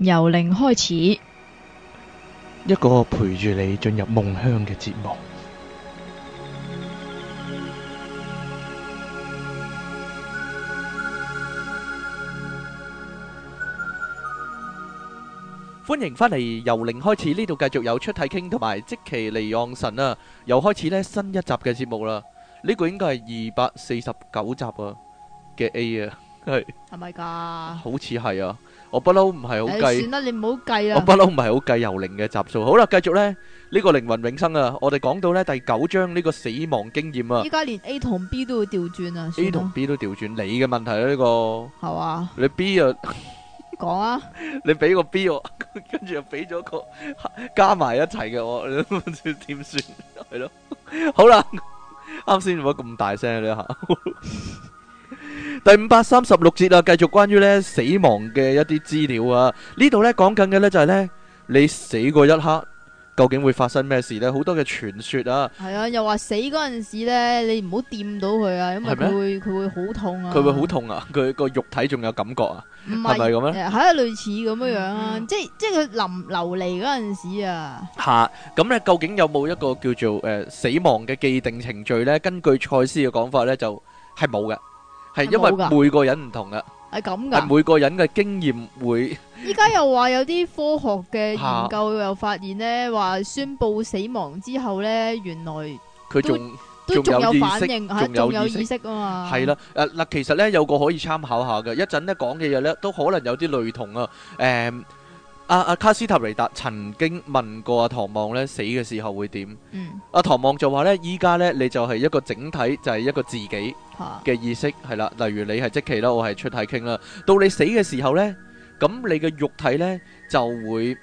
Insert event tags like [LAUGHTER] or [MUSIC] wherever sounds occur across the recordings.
由零開始，一個陪住你進入夢鄉嘅節目。歡迎返嚟，由零開始呢度繼續有出體傾同埋即期離岸神啊！又開始呢新一集嘅節目啦。呢、這個應該係二百四十九集啊嘅 A 啊，係係咪噶？是是好似係啊。我不嬲唔係好計，算啦你唔好計啦。我不嬲唔係好計由零嘅集數。好啦，繼續咧呢個靈魂永生啊！我哋講到咧第九章呢個死亡經驗啊！依家連 A 同 B 都會調轉啊！A 同 B 都調轉，你嘅問題咧呢個係嘛？你 B 啊？講啊！你俾個 B 我，跟住又俾咗個加埋一齊嘅我，你知點算？係咯，好啦，啱先唔好咁大聲啦吓。第五百三十六節啊，繼續關於咧死亡嘅一啲資料啊，呢度咧講緊嘅咧就係咧，你死過一刻，究竟會發生咩事咧？好多嘅傳說啊，係啊，又話死嗰陣時咧，你唔好掂到佢啊，因為佢會佢會好痛啊，佢會好痛啊，佢個肉體仲有感覺啊，係咪咁咧？係啊，類似咁樣樣啊，即係即係佢臨流離嗰陣時啊，吓咁咧，究竟有冇一個叫做誒死亡嘅既定程序咧？根據賽斯嘅講法咧，就係冇嘅。係，因為每個人唔同噶，係咁噶，係每個人嘅經驗會。依家又話有啲科學嘅研究又發現咧，話宣布死亡之後咧，原來佢仲都仲有反應，仲有意識啊嘛。係啦，誒嗱，其實咧有個可以參考下嘅，一陣咧講嘅嘢咧都可能有啲類同啊，誒。阿阿、啊、卡斯塔尼達曾經問過阿、啊、唐望咧，死嘅時候會點？阿、嗯啊、唐望就話咧，依家咧你就係一個整體，就係、是、一個自己嘅意識係啦、啊。例如你係即期啦，我係出體傾啦。到你死嘅時候咧，咁你嘅肉體咧就會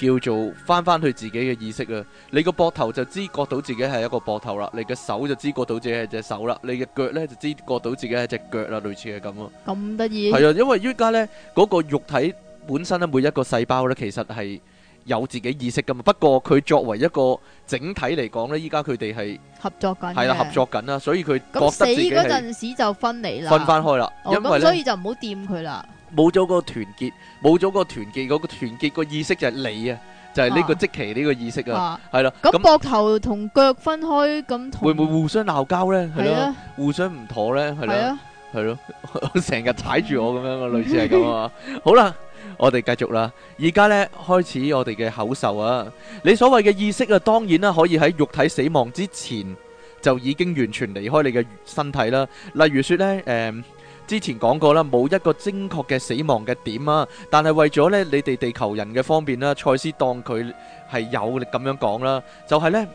叫做翻翻去自己嘅意識啊。你個膊頭就知覺到自己係一個膊頭啦，你嘅手就知覺到自己係隻手啦，你嘅腳咧就知覺到自己係隻腳啦，類似係咁咯。咁得意？係啊，因為依家咧嗰個肉體。本身咧每一個細胞咧其實係有自己意識噶嘛，不過佢作為一個整體嚟講咧，依家佢哋係合作緊，係啦，合作緊啦，所以佢咁死嗰陣時就分離啦，分翻開啦，因為所以就唔好掂佢啦，冇咗個團結，冇咗個團結嗰個團結個意識就係你啊，就係呢個即期呢個意識啊，係啦，咁膊頭同腳分開咁會唔會互相鬧交咧？係咯，互相唔妥咧？係咯，係咯，成日踩住我咁樣嘅類似係咁啊，好啦。我哋繼續啦，而家呢，開始我哋嘅口授啊。你所謂嘅意識啊，當然啦，可以喺肉體死亡之前就已經完全離開你嘅身體啦。例如說呢，誒、呃，之前講過啦，冇一個精確嘅死亡嘅點啊，但係為咗呢，你哋地球人嘅方便啦，賽斯當佢係有力咁樣講啦，就係、是、呢，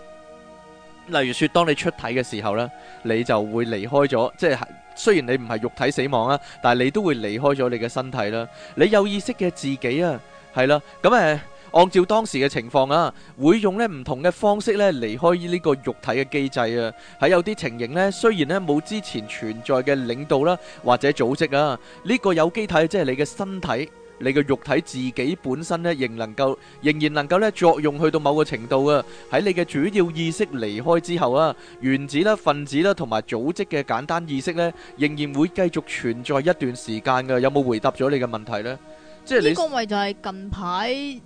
例如說當你出體嘅時候呢，你就會離開咗，即係。雖然你唔係肉體死亡啊，但係你都會離開咗你嘅身體啦。你有意識嘅自己啊，係啦，咁誒，按照當時嘅情況啦，會用咧唔同嘅方式咧離開呢個肉體嘅機制啊。喺有啲情形咧，雖然咧冇之前存在嘅領導啦或者組織啊，呢、這個有機體即係你嘅身體。你嘅肉體自己本身咧，仍能夠，仍然能夠咧作用去到某個程度啊！喺你嘅主要意識離開之後啊，原子啦、分子啦同埋組織嘅簡單意識咧，仍然會繼續存在一段時間嘅。有冇回答咗你嘅問題呢？即係你呢個位就係近排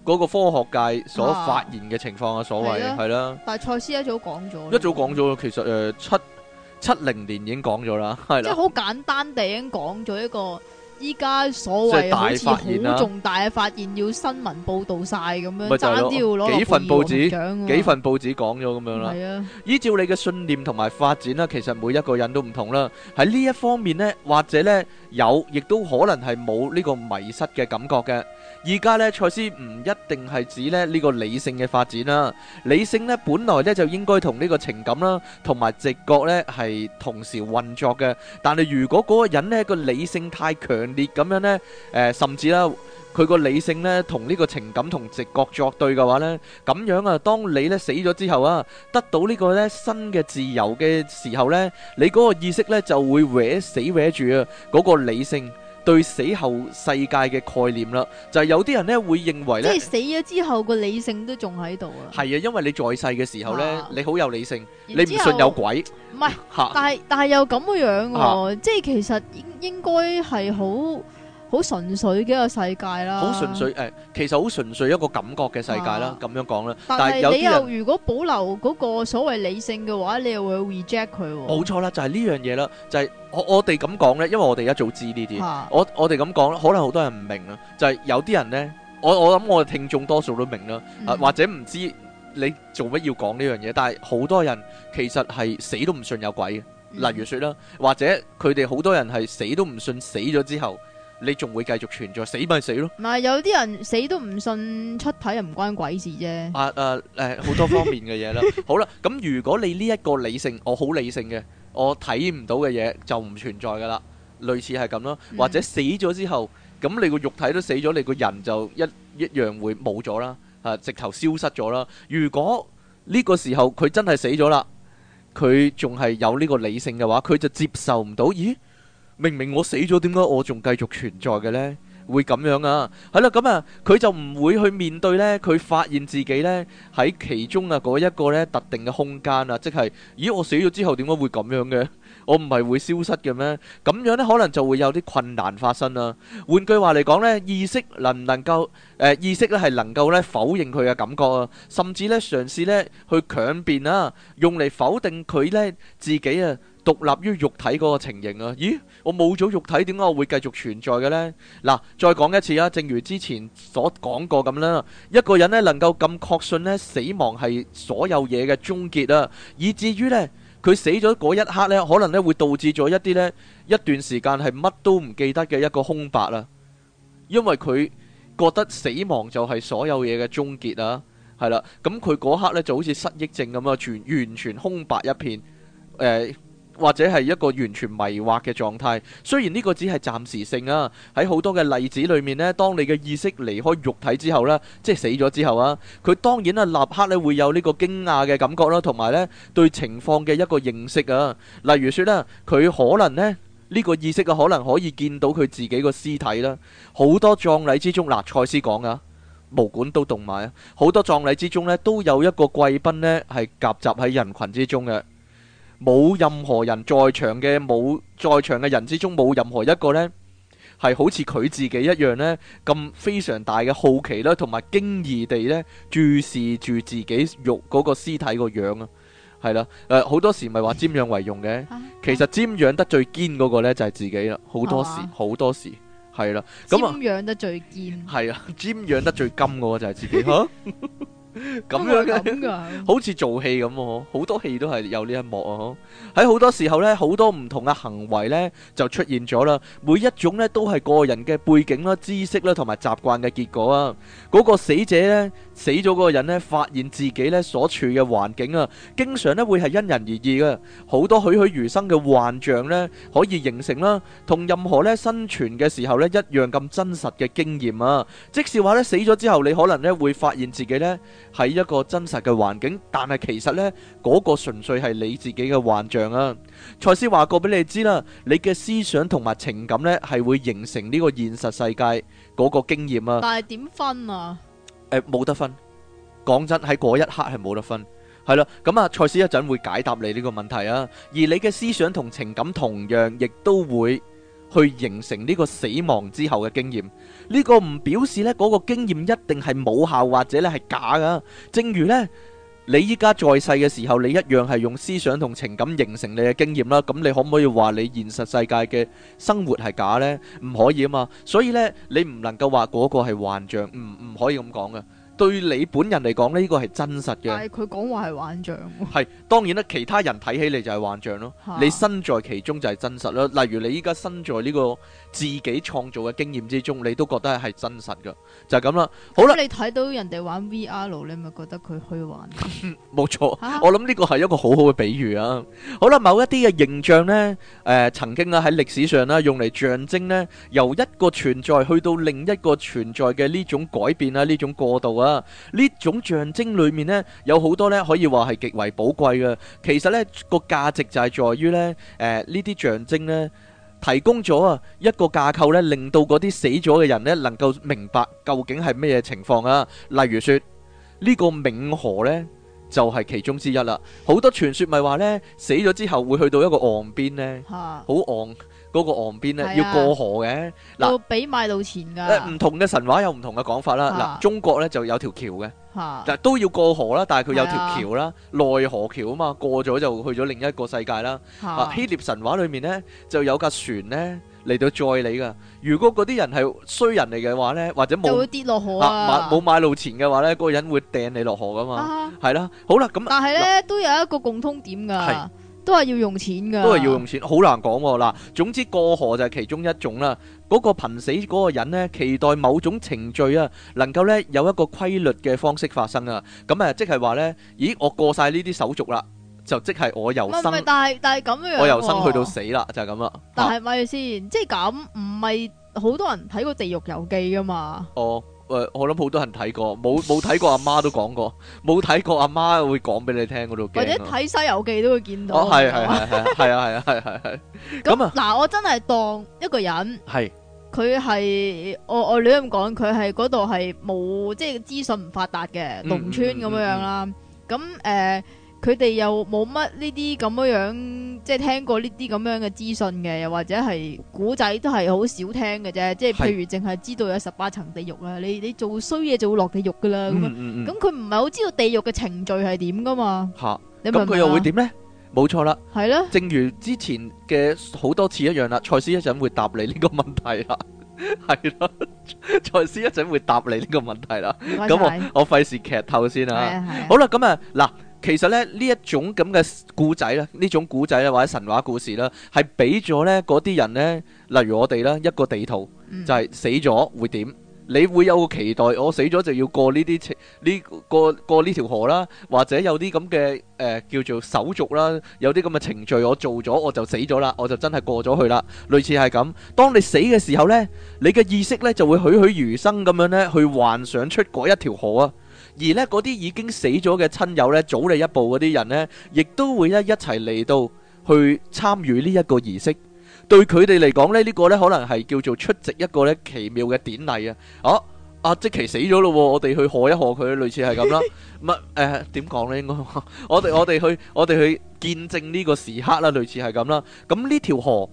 嗰個科學界所發現嘅情況啊，所謂係啦。但係賽斯一早講咗。一早講咗，其實誒七七零年已經講咗啦，係啦。即係好簡單地已經講咗一個。依家所謂好似好重大嘅發現，要新聞報導晒，咁樣，爭啲要攞落報紙，幾份報紙講咗咁樣啦。啊、依照你嘅信念同埋發展啦，其實每一個人都唔同啦。喺呢一方面呢，或者呢，有，亦都可能係冇呢個迷失嘅感覺嘅。而家咧，賽斯唔一定係指咧呢個理性嘅發展啦。理性咧，本來咧就應該同呢個情感啦，同埋直覺咧係同時運作嘅。但係如果嗰個人咧個理性太強烈咁樣咧，誒甚至啦佢個理性咧同呢個情感同直覺作對嘅話咧，咁樣啊，當你咧死咗之後啊，得到呢個咧新嘅自由嘅時候咧，你嗰個意識咧就會搲死搲住啊嗰個理性。對死後世界嘅概念啦，就係、是、有啲人咧會認為咧，即係死咗之後個理性都仲喺度啊。係啊，因為你在世嘅時候咧，啊、你好有理性，後你唔信有鬼。唔係不， [LAUGHS] 但係但係又咁嘅樣、啊，啊、即係其實應應該係好。好純粹嘅一個世界啦，好純粹誒、呃，其實好純粹一個感覺嘅世界啦，咁、啊、樣講啦。但係你又如果保留嗰個所謂理性嘅話，你又會 reject 佢喎、哦。冇錯啦，就係、是、呢樣嘢啦，就係、是、我我哋咁講咧，因為我哋一早知呢啲、啊。我我哋咁講啦，可能好多人唔明啦，就係、是、有啲人咧，我我諗我哋聽眾多數都明啦，或者唔知你做乜要講呢樣嘢，但係好多人其實係死都唔信有鬼。例如説啦，或者佢哋好多人係死都唔信死咗之後。你仲會繼續存在，死咪死咯。唔係有啲人死都唔信，出體又唔關鬼事啫。啊啊誒，好多方面嘅嘢啦。好啦，咁如果你呢一個理性，我好理性嘅，我睇唔到嘅嘢就唔存在㗎啦。類似係咁咯，或者死咗之後，咁你個肉體都死咗，你個人就一一樣會冇咗啦。啊，直頭消失咗啦。如果呢個時候佢真係死咗啦，佢仲係有呢個理性嘅話，佢就接受唔到，咦？明明我死咗，點解我仲繼續存在嘅呢？會咁樣啊？係啦，咁啊，佢就唔會去面對呢，佢發現自己呢喺其中啊嗰一個呢特定嘅空間啊，即係，咦，我死咗之後點解會咁樣嘅？我唔係會消失嘅咩？咁樣呢，可能就會有啲困難發生啦。換句話嚟講呢，意識能唔能夠誒意識咧係能夠呢否認佢嘅感覺啊，甚至呢嘗試呢去強辯啊，用嚟否定佢呢自己啊。獨立於肉體嗰個情形啊！咦，我冇咗肉體，點解我會繼續存在嘅呢？嗱，再講一次啊，正如之前所講過咁啦，一個人呢能夠咁確信呢死亡係所有嘢嘅終結啊，以至於呢佢死咗嗰一刻呢，可能呢會導致咗一啲呢一段時間係乜都唔記得嘅一個空白啊，因為佢覺得死亡就係所有嘢嘅終結啊，係啦，咁佢嗰刻呢就好似失憶症咁啊，全完全空白一片，誒。或者係一個完全迷惑嘅狀態。雖然呢個只係暫時性啊，喺好多嘅例子裏面呢，當你嘅意識離開肉體之後呢，即係死咗之後啊，佢當然啊，立刻咧會有呢個驚訝嘅感覺啦，同埋呢對情況嘅一個認識啊。例如說呢，佢可能呢，呢個意識啊，可能可以見到佢自己個屍體啦。好多葬禮之中，嗱、啊、賽斯講啊，毛管都動埋啊。好多葬禮之中呢，都有一個貴賓呢，係夾雜喺人群之中嘅。冇任何人在場嘅，冇在場嘅人之中，冇任何一個呢，係好似佢自己一樣呢，咁非常大嘅好奇啦，同埋驚異地呢，注視住自己肉嗰個屍體個樣啊，係啦，誒、呃、好多時咪話瞻仰遺容嘅， [LAUGHS] 其實瞻仰得最堅嗰個咧就係、是、自己啦，好多時好、啊、多時係啦，咁啊瞻仰得最堅係啊，瞻仰得最金嗰個就係自己 [LAUGHS] [LAUGHS] 咁樣嘅，樣 [LAUGHS] 好似做戲咁哦，好多戲都係有呢一幕啊，喺好多時候呢，好多唔同嘅行為呢就出現咗啦，每一種呢都係個人嘅背景啦、知識啦同埋習慣嘅結果啊，嗰、嗰個死者呢。死咗嗰個人呢，發現自己呢所處嘅環境啊，經常呢會係因人而異噶，好多栩栩如生嘅幻象呢，可以形成啦，同任何呢生存嘅時候呢一樣咁真實嘅經驗啊。即使話呢，死咗之後，你可能呢會發現自己呢係一個真實嘅環境，但係其實呢嗰個純粹係你自己嘅幻象啊。賽斯話過俾你知啦，你嘅思想同埋情感呢係會形成呢個現實世界嗰個經驗啊。但係點分啊？誒，冇得分，講真，喺嗰一刻係冇得分，係啦，咁、嗯、啊，賽斯一陣會，會解答你呢個問題啊，而你嘅思想同情感同樣亦都會去形成呢個死亡之後嘅經驗，呢、這個唔表示呢嗰個經驗一定係冇效或者呢係假噶，正如呢。你依家在,在世嘅時候，你一樣係用思想同情感形成你嘅經驗啦。咁你可唔可以話你現實世界嘅生活係假呢？唔可以啊嘛。所以呢，你唔能夠話嗰個係幻象，唔唔可以咁講嘅。對你本人嚟講，呢個係真實嘅。但係佢講話係幻象。係當然啦，其他人睇起嚟就係幻象咯。啊、你身在其中就係真實啦。例如你依家身在呢、這個。自己創造嘅經驗之中，你都覺得係真實㗎，就係咁啦。好啦，你睇到人哋玩 VR 你咪覺得佢虛幻？冇 [LAUGHS] 錯，蛤我諗呢個係一個好好嘅比喻啊。好啦，某一啲嘅形象呢，誒、呃、曾經啦喺歷史上啦、啊、用嚟象徵呢，由一個存在去到另一個存在嘅呢種改變啊，呢種過渡啊，呢種象徵裏面呢，有好多呢可以話係極為寶貴嘅。其實呢個價值就係在於呢，誒呢啲象徵呢，提供咗啊一個架構咧，令到嗰啲死咗嘅人咧，能夠明白究竟係咩嘢情況啊。例如說呢個冥河咧，就係其中之一啦。好多傳說咪話咧，死咗之後會去到一個岸邊咧，好岸。 [NOISE] 嗰個岸邊咧要過河嘅，嗱，要俾買路錢噶。誒，唔同嘅神話有唔同嘅講法啦。嗱，中國咧就有條橋嘅，但都要過河啦，但係佢有條橋啦，奈何橋啊嘛，過咗就去咗另一個世界啦。希臘神話裏面咧就有架船咧嚟到載你噶。如果嗰啲人係衰人嚟嘅話咧，或者冇就會跌落河啊，冇買路錢嘅話咧，嗰個人會掟你落河噶嘛。係啦，好啦，咁但係咧都有一個共通點㗎。都係要用錢噶，都係要用錢，好難講嗱。總之過河就係其中一種啦。嗰、嗰個瀕死嗰個人呢，期待某種程序啊，能夠呢有一個規律嘅方式發生啊。咁啊，即係話呢，咦，我過晒呢啲手續啦，就即係我由生，但係咁樣、啊，我由生去到死啦，就係咁啦。但係咪先？即係咁，唔係好多人睇過《地獄遊記》噶嘛？哦。誒、呃，我諗好多人睇過，冇冇睇過阿媽都講過，冇睇過阿媽會講俾你聽嗰度，或者睇《西遊記》都會見到。哦，係係係係啊係啊係係係。咁啊那，嗱，我真係當一個人，係佢係，我我亂咁講，佢係嗰度係冇，即係資訊唔發達嘅農村咁樣樣啦。咁誒、嗯。嗯嗯佢哋又冇乜呢啲咁樣樣，即係聽過呢啲咁樣嘅資訊嘅，又或者係古仔都係好少聽嘅啫。即係譬如淨係知道有十八層地獄啦， [MUSIC] 你你做衰嘢就會落地獄噶啦。咁佢唔係好知道地獄嘅程序係點噶嘛？吓、啊，咁佢又會點呢？冇錯啦，係咧。正如之前嘅好多次一樣啦，賽斯一陣會答你呢個問題啦。係啦，賽斯一陣會答你呢個問題啦。咁我我費事劇透先啊。好啦，咁啊嗱。 [MUSIC] 其實咧呢一種咁嘅故仔咧，呢種故仔咧或者神話故事啦，係俾咗咧嗰啲人咧，例如我哋啦，一個地圖，就係死咗會點？你會有個期待？我死咗就要過呢啲呢過過呢條河啦，或者有啲咁嘅誒叫做手續啦，有啲咁嘅程序我做咗我就死咗啦，我就真係過咗去啦。類似係咁，當你死嘅時候咧，你嘅意識咧就會栩栩如生咁樣咧去幻想出嗰一條河啊。而呢嗰啲已經死咗嘅親友呢，早你一步嗰啲人呢，亦都會呢一齊嚟到去參與呢一個儀式。對佢哋嚟講呢，呢、呢個呢可能係叫做出席一個呢奇妙嘅典禮啊！啊，阿、啊、即奇死咗咯，我哋去賀一賀佢，類似係咁啦。唔係，誒點講呢？應該我哋我哋去我哋去見證呢個時刻啦，類似係咁啦。咁呢條河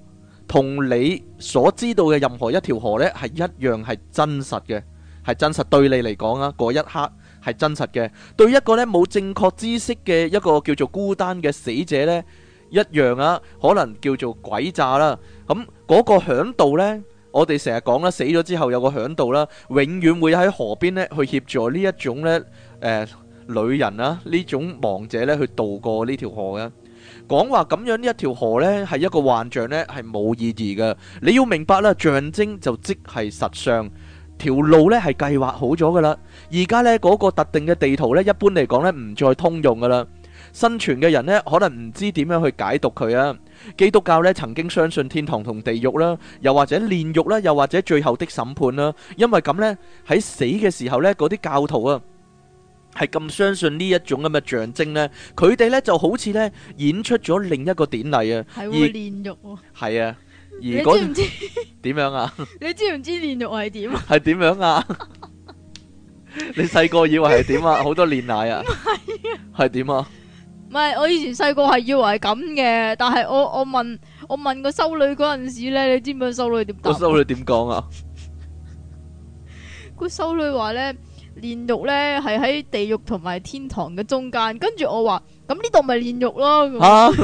同你所知道嘅任何一條河呢，係一樣係真實嘅，係真實對你嚟講啊嗰一刻。係真實嘅，對一個咧冇正確知識嘅一個叫做孤單嘅死者咧一樣啊，可能叫做鬼詐啦。咁、嗯、嗰、那個嚮導呢，我哋成日講啦，死咗之後有個嚮導啦，永遠會喺河邊呢去協助呢一種咧誒女人啦、啊，呢種亡者呢去渡過呢條河嘅。講話咁樣呢一條河呢係一個幻象呢，係冇意義嘅。你要明白啦，象徵就即係實相。條路咧係計劃好咗噶啦，而家咧嗰個特定嘅地圖咧，一般嚟講咧唔再通用噶啦。生存嘅人咧，可能唔知點樣去解讀佢啊。基督教咧曾經相信天堂同地獄啦，又或者煉獄啦，又或者最後的審判啦。因為咁咧，喺死嘅時候咧，嗰啲教徒啊，係咁相信呢一種咁嘅象徵咧，佢哋咧就好似咧演出咗另一個典禮啊。係喎，煉獄喎。係啊。你知唔知點樣啊？你知唔知煉獄係點？係點樣啊？你細個以為係點啊？好多煉奶啊！係點啊？唔係，我以前細個係以為係咁嘅，但係我我問我問個修女嗰陣時咧，你知唔知修女點答？修女點講啊？個修女話咧，煉獄咧係喺地獄同埋天堂嘅中間，跟住我話，咁呢度咪煉獄咯。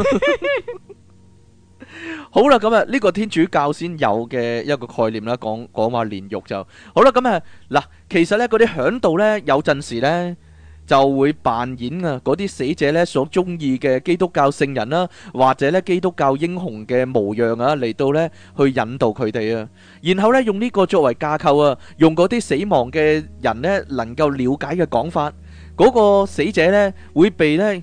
好啦，咁啊，呢個天主教先有嘅一個概念啦，講講話煉獄就好啦。咁啊，嗱，其實呢嗰啲響度呢，有陣時呢就會扮演啊，嗰啲死者呢所中意嘅基督教聖人啦，或者呢基督教英雄嘅模樣啊，嚟到呢去引導佢哋啊，然後呢用呢個作為架構啊，用嗰啲死亡嘅人呢能夠了解嘅講法，嗰個死者呢會被呢。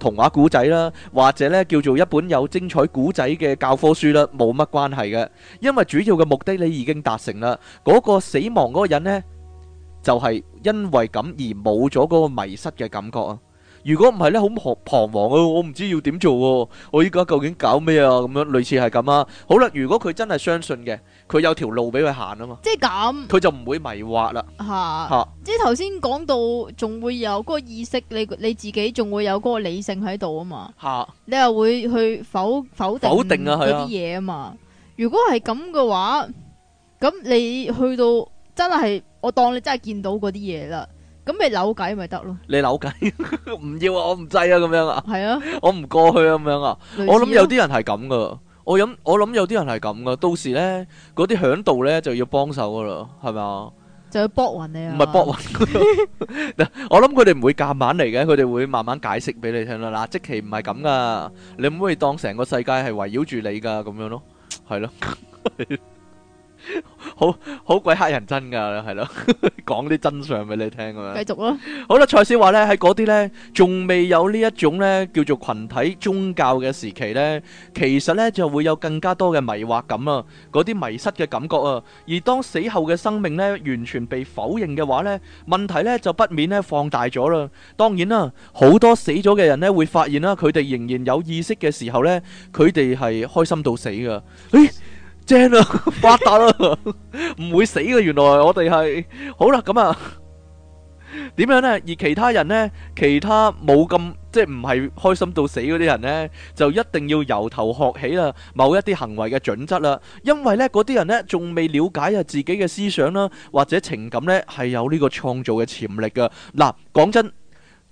童話古仔啦，或者咧叫做一本有精彩古仔嘅教科書啦，冇乜關係嘅，因為主要嘅目的你已經達成啦。嗰、嗰個死亡嗰個人呢，就係、係、因為咁而冇咗嗰個迷失嘅感覺啊。如果唔係咧，好彷徨啊！我唔知要點做喎。我依家究竟搞咩啊？咁樣類似係咁啊。好啦，如果佢真係相信嘅，佢有條路俾佢行啊嘛。即係咁。佢就唔會迷惑啦。吓吓，即係頭先講到，仲會有嗰個意識，你你自己仲會有嗰個理性喺度啊嘛。吓，你又會去否否定否定嗰啲嘢啊嘛？如果係咁嘅話，咁你去到真係係，我當你真係見到嗰啲嘢啦。咁你扭計咪得咯？你扭計唔要啊，我唔制啊，咁樣啊？係啊，我唔過去啊，咁樣啊？我諗有啲人係咁噶，我諗我諗有啲人係咁噶，到時咧嗰啲響度咧就要幫手噶啦，係咪啊？就要搏暈你啊？唔係搏暈，我諗佢哋唔會夾硬嚟嘅，佢哋會慢慢解釋俾你聽啦。嗱，即係唔係咁噶，你唔可以當成個世界係圍繞住你噶咁樣咯，係咯。好好鬼乞人憎噶，係咯，講啲真相俾你聽。咁樣繼續咯，好啦，賽斯話咧喺嗰啲咧，仲未有呢一種咧叫做群體宗教嘅時期咧，其實咧就會有更加多嘅迷惑感啊，嗰啲迷失嘅感覺啊，而當死後嘅生命咧完全被否認嘅話咧，問題咧就不免咧放大咗啦。當然啦，好多死咗嘅人咧會發現啦，佢哋仍然有意識嘅時候咧，佢哋係開心到死噶。精啦，發達啦，唔會死嘅。原來我哋係好啦，咁啊，點樣呢？而其他人呢，其他冇咁即係唔係開心到死嗰啲人呢，就一定要由頭學起啦，某一啲行為嘅準則啦。因為呢，嗰啲人呢仲未了解啊自己嘅思想啦，或者情感呢係有呢個創造嘅潛力嘅。嗱，講真，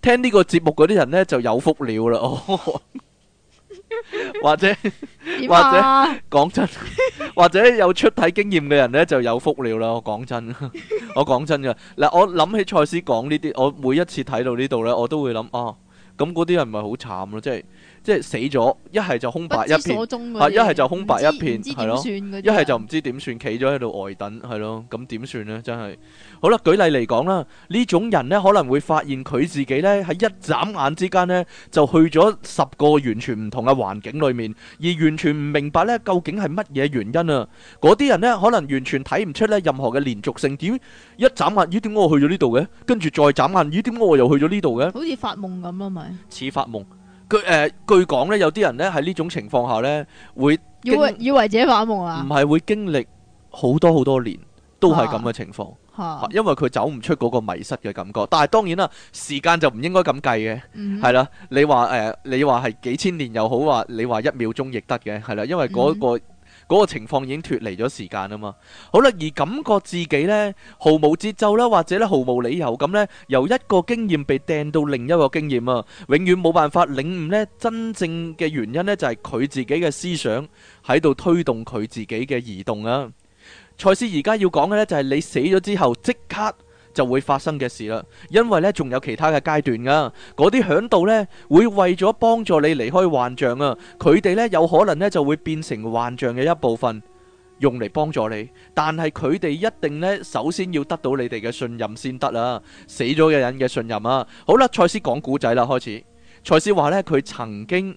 聽呢個節目嗰啲人呢就有福了啦。 [LAUGHS] 或者或者講真，啊、 [LAUGHS] 或者有出體經驗嘅人呢就有福料啦。我講真，我講真噶，嗱，我諗起賽斯講呢啲，我每一次睇到呢度呢，我都會諗啊，咁嗰啲人咪好慘咯，即係。即係死咗，一係就空白一片，一係就空白一片，係咯，一係就唔知點算，企咗喺度呆等，係咯，咁點算呢？真係好啦，舉例嚟講啦，呢種人呢可能會發現佢自己呢喺一眨眼之間呢就去咗十個完全唔同嘅環境裏面，而完全唔明白呢究竟係乜嘢原因啊！嗰啲人呢可能完全睇唔出呢任何嘅連續性，點一眨眼咦？點解我去咗呢度嘅？跟住再眨眼咦？點解我又去咗呢度嘅？好似發夢咁啊，咪似發夢。據誒據講咧、呃，有啲人咧喺呢種情況下咧，會以為，以為自己發夢啦。唔係會經歷好多好多年都係咁嘅情況，啊啊、因為佢走唔出嗰個迷失嘅感覺。但係當然啦，時間就唔應該咁計嘅，係啦、嗯。你話誒、呃，你話係幾千年又好，話你話一秒鐘亦得嘅，係啦，因為嗰、那個。嗯。嗰個情況已經脫離咗時間啊嘛，好啦，而感覺自己呢，毫無節奏啦，或者咧毫無理由咁呢，由一個經驗被掟到另一個經驗啊，永遠冇辦法領悟呢。真正嘅原因呢，就係佢自己嘅思想喺度推動佢自己嘅移動啊。賽斯而家要講嘅呢，就係你死咗之後即刻就會發生嘅事啦，因為呢，仲有其他嘅階段噶、啊，嗰啲嚮導呢會為咗幫助你離開幻象啊，佢哋呢有可能呢就會變成幻象嘅一部分，用嚟幫助你，但係佢哋一定呢首先要得到你哋嘅信任先得啦、啊，死咗嘅人嘅信任啊，好啦，賽斯講古仔啦，開始，賽斯話呢，佢曾經。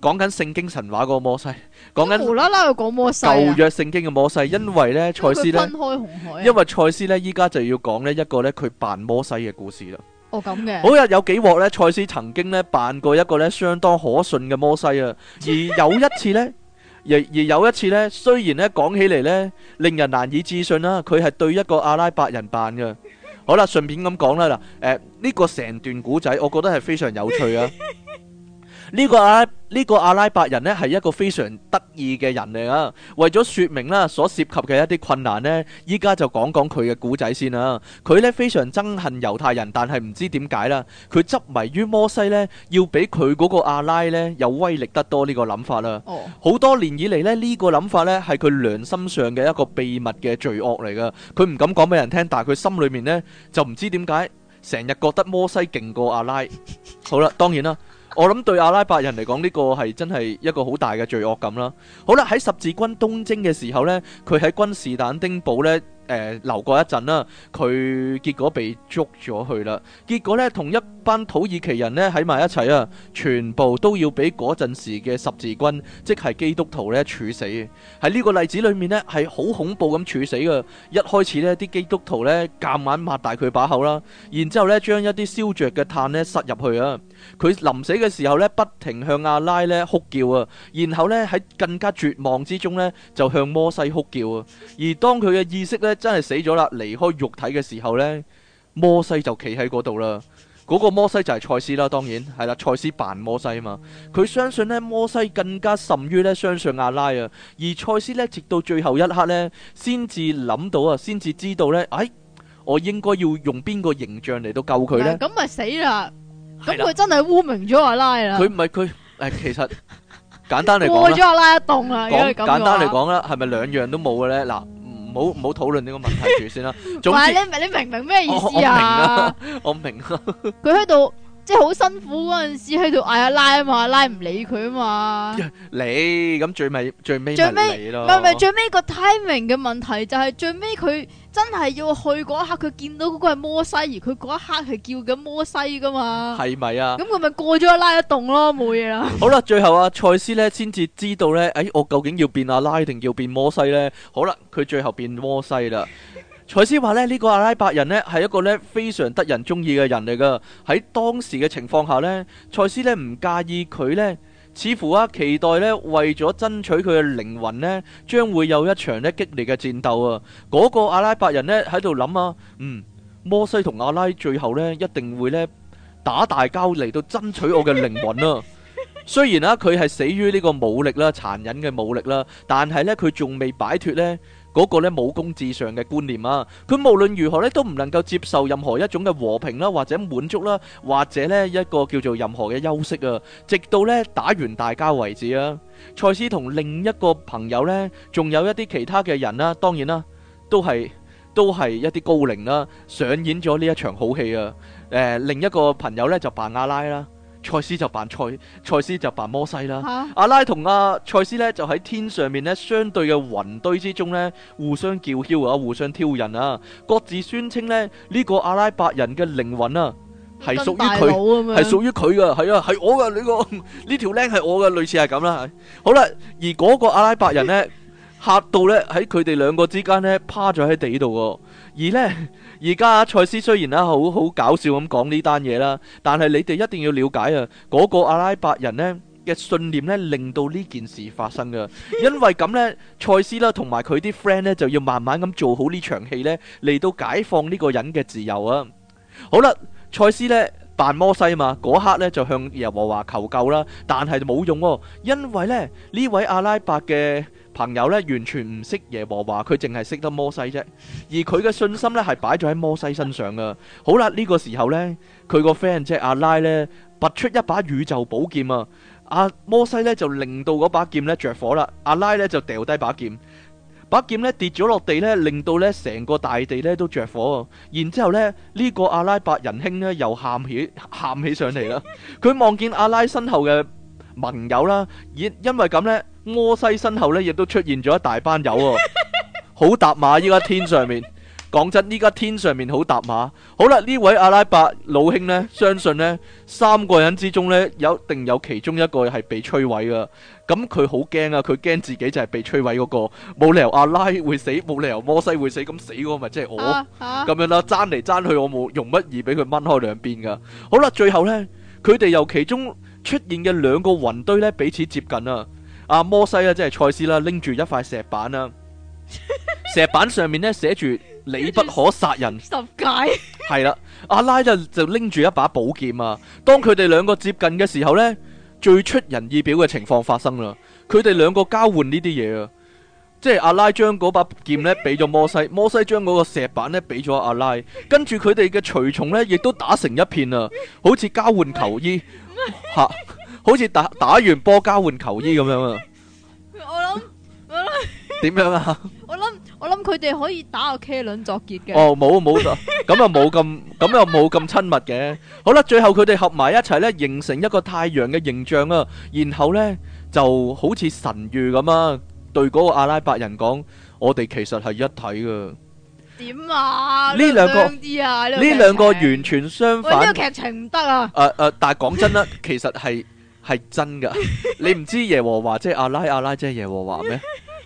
講緊聖經神話嗰個摩西，講緊無啦啦又講摩西舊約聖經嘅摩西，因為咧賽斯咧，因為賽斯咧依家就要講咧一個咧佢扮摩西嘅故事啦。哦，咁嘅。好呀，有幾鑊咧，賽斯曾經咧扮過一個咧相當可信嘅摩西啊。而有一次咧，而而有一次咧，雖然咧講起嚟咧令人難以置信啦，佢係對一個阿拉伯人扮嘅。好啦，順便咁講啦嗱，誒呢個成段古仔，我覺得係非常有趣啊。呢個阿呢個阿拉伯人咧係一個非常得意嘅人嚟啊！為咗説明啦，所涉及嘅一啲困難呢，依家就講講佢嘅故仔先啦。佢呢非常憎恨猶太人，但係唔知點解啦，佢執迷於摩西呢，要比佢嗰個阿拉呢有威力得多呢個諗法啦。哦！好多年以嚟呢，呢個諗法呢係佢良心上嘅一個秘密嘅罪惡嚟噶，佢唔敢講俾人聽，但係佢心裏面呢就唔知點解，成日覺得摩西勁過阿拉。 [LAUGHS] 好啦，當然啦。我諗對阿拉伯人嚟講，呢、這個係真係一個好大嘅罪惡感啦。好啦，喺十字軍東征嘅時候呢，佢喺君士坦丁堡呢。誒、呃、留過一陣啦，佢結果被捉咗去啦。結果呢，同一班土耳其人呢，喺埋一齊啊，全部都要俾嗰陣時嘅十字軍，即係基督徒呢處死。喺呢個例子裏面呢，係好恐怖咁處死嘅。一開始呢啲基督徒呢，夾硬，硬擘大佢把口啦，然之後呢，將一啲燒着嘅炭呢塞入去啊。佢臨死嘅時候呢，不停向阿拉呢哭叫啊，然後呢，喺更加絕望之中呢，就向摩西哭叫啊。而當佢嘅意識呢。真係死咗啦！離開肉體嘅時候呢，摩西就企喺嗰度啦。嗰、嗰個摩西就係賽斯啦，當然係啦，賽斯扮摩西啊嘛。佢相信呢摩西更加甚於咧相信阿拉啊。而賽斯呢，直到最後一刻呢，先至諗到啊，先至知道呢，哎，我應該要用邊個形象嚟到救佢呢？咁咪、嗯、死啦！咁佢真係污名咗阿拉啦。佢唔係佢誒，其實 [LAUGHS] 簡單嚟講咗阿拉一棟啦。講說簡單嚟講啦，係咪兩樣都冇嘅咧？嗱。唔好唔好討論呢個問題住先啦。唔係 [LAUGHS] 之你，你明你明唔明咩意思啊？哦、我明我明啦。佢喺度。即係好辛苦嗰陣時喺度嗌阿拉啊嘛，阿拉唔理佢啊嘛。你咁 [LAUGHS] 最尾，最尾最尾唔係唔係最尾個 timing 嘅問題就係最尾佢真係要去嗰一刻，佢見到嗰個係摩西，而佢嗰一刻係叫緊摩西噶嘛。係咪啊？咁佢咪過咗阿拉一棟咯，冇嘢啦。 [LAUGHS] 好啦，最後阿賽斯咧先至知道咧，誒、哎，我究竟要變阿拉定要變摩西咧？好啦，佢最後變摩西啦。蔡斯話咧：呢個阿拉伯人呢，係一個呢非常得人中意嘅人嚟㗎。喺當時嘅情況下呢，蔡斯呢唔介意佢呢，似乎啊期待呢，為咗爭取佢嘅靈魂呢，將會有一場呢激烈嘅戰鬥啊！嗰、那個阿拉伯人呢，喺度諗啊，嗯，摩西同阿拉最後呢，一定會呢打大交嚟到爭取我嘅靈魂啊。 [LAUGHS] 雖然啦，佢係死於呢個武力啦、殘忍嘅武力啦，但係呢，佢仲未擺脫呢。嗰個咧武功至上嘅觀念啊！佢無論如何咧都唔能夠接受任何一種嘅和平啦，或者滿足啦，或者咧一個叫做任何嘅休息啊！直到咧打完大交為止啊！賽斯同另一個朋友咧，仲有一啲其他嘅人啦，當然啦，都係都係一啲高靈啦，上演咗呢一場好戲啊！誒，另一個朋友咧就扮阿拉啦。賽斯就扮賽賽斯就扮摩西啦，哈阿拉同阿賽斯咧就喺天上面咧相對嘅雲堆之中咧互相叫囂啊，互相挑釁啊，各自宣稱咧呢、這個阿拉伯人嘅靈魂啊係屬於佢，係屬於佢噶，係啊係我噶呢個呢條僆係我嘅，類似係咁啦。好啦，而嗰個阿拉伯人咧吓 [LAUGHS] 到咧喺佢哋兩個之間咧趴咗喺地度，而咧。 [LAUGHS] 而家啊，賽斯雖然咧好好搞笑咁講呢單嘢啦，但係你哋一定要了解啊，嗰個阿拉伯人咧嘅信念咧令到呢件事發生噶，因為咁咧，賽斯啦同埋佢啲 friend 咧就要慢慢咁做好呢場戲咧嚟到解放呢個人嘅自由啊！好啦，賽斯咧扮摩西啊嘛，嗰刻咧就向耶和華求救啦，但係冇用哦，因為咧呢位阿拉伯嘅朋友咧完全唔識耶和華，佢淨係識得摩西啫。而佢嘅信心咧係擺咗喺摩西身上噶。好啦，呢、呢個時候呢，佢個 friend 即係阿拉呢，拔出一把宇宙寶劍啊！阿、啊、摩西呢，就令到嗰把劍呢着火啦。阿拉呢，就掉低把劍，把劍呢，跌咗落地呢，令到呢成個大地呢都着火。然之後呢，呢、呢個阿拉伯仁兄呢，又喊起喊起上嚟啦。佢望見阿拉身後嘅盟友啦，因為咁呢。摩西身後咧，亦都出現咗一大班友啊、哦。 [LAUGHS] 好搭馬依家天上面。講真，依家天上面好搭馬。好啦，呢位阿拉伯老兄咧，相信咧三個人之中咧，有定有其中一個係被摧毀噶。咁佢好驚啊，佢驚自己就係被摧毀嗰、那個，冇理由阿拉會死，冇理由摩西會死，咁死嗰個咪即係我咁、啊啊、樣啦、啊。爭嚟爭去，我冇用乜易俾佢掹開兩邊噶。好啦，最後咧，佢哋由其中出現嘅兩個雲堆咧彼此接近啊。阿、啊、摩西啦、啊，即係賽斯啦，拎住一塊石板啦、啊， [LAUGHS] 石板上面咧寫住你不可殺人。十戒係啦，阿拉就就拎住一把寶劍啊。當佢哋兩個接近嘅時候咧，最出人意表嘅情況發生啦。佢哋兩個交換呢啲嘢啊，即係阿拉將嗰把劍咧俾咗摩西，摩西將嗰個石板咧俾咗阿拉，跟住佢哋嘅隨從咧亦都打成一片啊，好似交換球衣吓。 [LAUGHS] [LAUGHS] 好似打打完波交換球衣咁樣啊！我諗，我諗點樣啊？我諗我諗佢哋可以打個茄輪作結嘅。哦，冇冇咁又冇咁咁又冇咁親密嘅。好啦，最後佢哋合埋一齊咧，形成一個太陽嘅形象啊！然後咧就好似神諭咁啊，對嗰個阿拉伯人講：我哋其實係一體噶。點啊？呢兩個呢兩個完全相反。呢個劇情唔得啊！誒誒，但係講真啦，其實係。係真噶，你唔知耶和華即係阿拉，阿拉即係耶和華咩？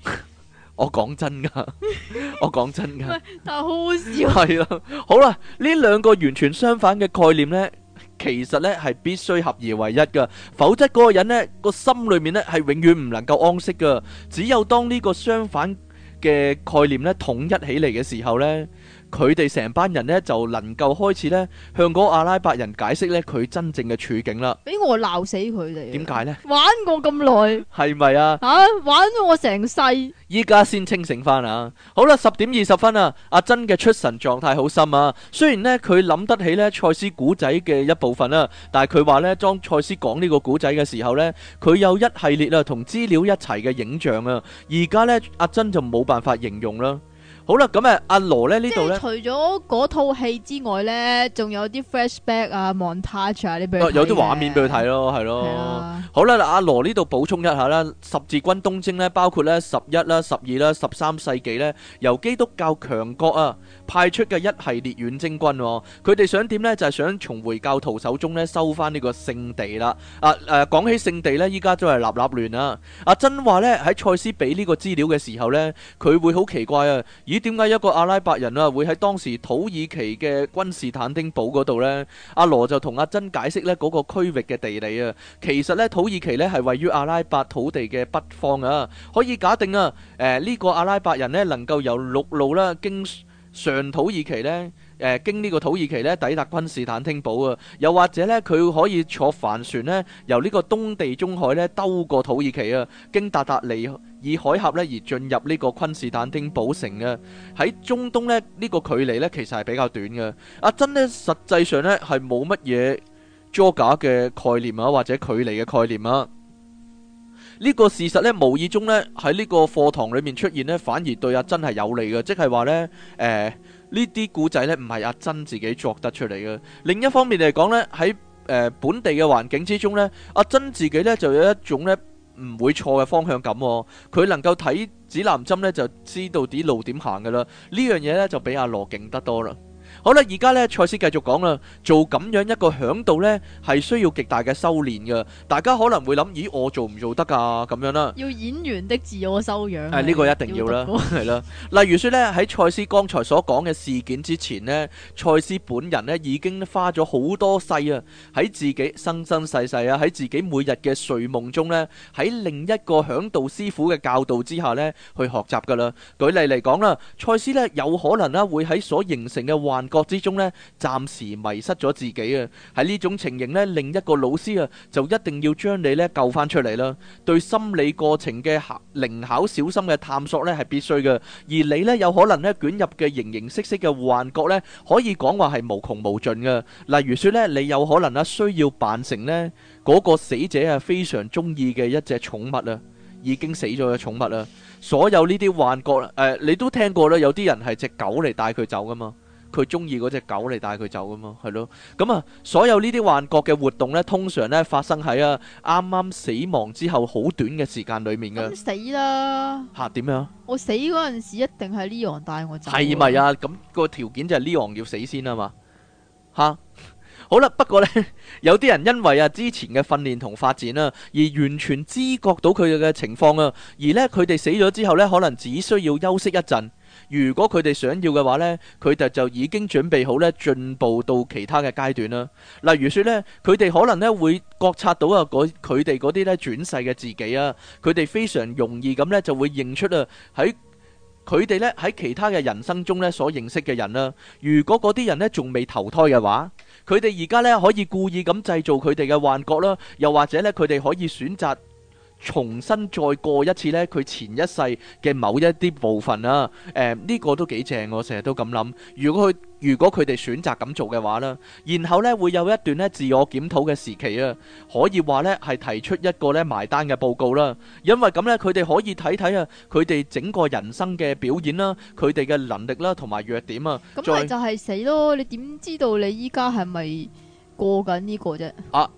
[LAUGHS] 我講真噶， [LAUGHS] 我講真噶， [LAUGHS] 但係好好笑。係啦， [LAUGHS] 好啦，呢兩個完全相反嘅概念呢，其實呢係必須合而為一噶，否則嗰個人呢、個心裏面呢係永遠唔能夠安息噶。只有當呢個相反嘅概念呢統一起嚟嘅時候呢。佢哋成班人呢，就能夠開始呢，向嗰個阿拉伯人解釋呢，佢真正嘅處境啦，俾我鬧死佢哋。點解呢？玩過咁耐，係咪啊？啊，玩咗我成世，依家先清醒返啊！好啦，十點二十分啊！阿珍嘅出神狀態好深啊，雖然呢，佢諗得起呢賽斯古仔嘅一部分啦，啊，但係佢話呢，當賽斯講呢個古仔嘅時候呢，佢有一系列啊同資料一齊嘅影像啊，而家呢，阿珍就冇辦法形容啦。好啦，咁誒阿羅咧呢度咧，除咗嗰套戲之外咧，仲有啲 flashback 啊、montage 啊，有啲畫面俾佢睇咯，係咯。啊、好啦，阿、啊、羅呢度補充一下啦，十字軍東征咧，包括咧十一啦、十二啦、十三世紀咧，由基督教強國啊派出嘅一系列遠征軍、哦，佢哋想點咧？就係、是、想從回教徒手中咧收翻呢個聖地啦。啊誒、啊，講起聖地咧，依家都係立立亂啦。阿、啊、珍話咧喺賽斯俾呢個資料嘅時候咧，佢會好奇怪啊，點解一個阿拉伯人啦、啊，會喺當時土耳其嘅君士坦丁堡嗰度呢？阿、啊、羅就同阿珍解釋呢嗰個區域嘅地理啊。其實呢，土耳其呢係位於阿拉伯土地嘅北方啊。可以假定啊，誒、呃、呢、這個阿拉伯人呢能夠由陸路啦、啊、經上土耳其呢。誒、呃，經呢個土耳其呢，抵達君士坦丁堡啊，又或者呢，佢可以坐帆船呢，由呢個東地中海呢兜過土耳其啊，經達達尼爾海峽呢而進入呢個君士坦丁堡城啊。喺中東呢，呢、呢個距離呢其實係比較短嘅。阿珍呢，實際上呢係冇乜嘢作假嘅概念啊，或者距離嘅概念啊。呢、呢個事實呢，無意中呢喺呢個課堂裏面出現呢，反而對阿珍係有利嘅，即係話呢。誒、呃。呃呢啲古仔呢，唔係阿珍自己作得出嚟嘅。另一方面嚟講呢，喺誒、呃、本地嘅環境之中呢，阿珍自己呢，就有一種呢唔會錯嘅方向感，佢能夠睇指南針呢，就知道啲路點行㗎喇。呢樣嘢呢，就比阿羅勁得多啦。好啦，而家呢，蔡司繼續講啦，做咁樣一個響度呢，係需要極大嘅修煉噶。大家可能會諗，咦，我做唔做得噶咁、啊、樣啦？要演員的自我修養、啊。誒，呢個一定要啦，係啦讀。 [LAUGHS] [LAUGHS] 例如說呢，喺蔡司剛才所講嘅事件之前呢，蔡司本人呢已經花咗好多世啊，喺自己生生世世啊，喺自己每日嘅睡夢中呢，喺另一個響度師傅嘅教導之下呢去學習噶啦。舉例嚟講啦，蔡司呢有可能啦會喺所形成嘅幻覺之中咧，暫時迷失咗自己啊。喺呢種情形咧，另一個老師啊，就一定要將你咧救翻出嚟啦。對心理過程嘅考靈巧、小心嘅探索咧，係必須嘅。而你咧，有可能咧捲入嘅形形色色嘅幻覺咧，可以講話係無窮無盡噶。例如說咧，你有可能啊需要扮成咧嗰個死者啊非常中意嘅一隻寵物啊，已經死咗嘅寵物啦。所有呢啲幻覺誒，你都聽過啦。有啲人係隻狗嚟帶佢走噶嘛。佢中意嗰隻狗嚟帶佢走噶嘛，係咯？咁啊，所有呢啲幻覺嘅活動呢，通常呢發生喺啊啱啱死亡之後好短嘅時間裏面噶。死啦！吓，點樣啊？我死嗰陣時，一定係 Leon 帶我走。係咪啊？咁個條件就係 Leon 要死先啊嘛。吓，好啦。不過呢，有啲人因為啊之前嘅訓練同發展啊，而完全知覺到佢嘅情況啊，而呢，佢哋死咗之後呢，可能只需要休息一陣。如果佢哋想要嘅話呢，佢哋就已經準備好咧，進步到其他嘅階段啦。例如說呢，佢哋可能咧會覺察到啊，佢哋嗰啲咧轉世嘅自己啊，佢哋非常容易咁咧就會認出啊，喺佢哋咧喺其他嘅人生中咧所認識嘅人啦。如果嗰啲人咧仲未投胎嘅話，佢哋而家咧可以故意咁製造佢哋嘅幻覺啦，又或者咧佢哋可以選擇。重新再過一次呢佢前一世嘅某一啲部分啊，誒、呃，呢、這個都幾正，我成日都咁諗。如果佢如果佢哋選擇咁做嘅話呢，然後呢會有一段呢自我檢討嘅時期啊，可以話呢係提出一個呢埋單嘅報告啦。因為咁呢，佢哋可以睇睇啊，佢哋整個人生嘅表演啦、啊，佢哋嘅能力啦同埋弱點啊。咁咪就係死咯！你點知道你依家係咪？過緊呢個啫，啊！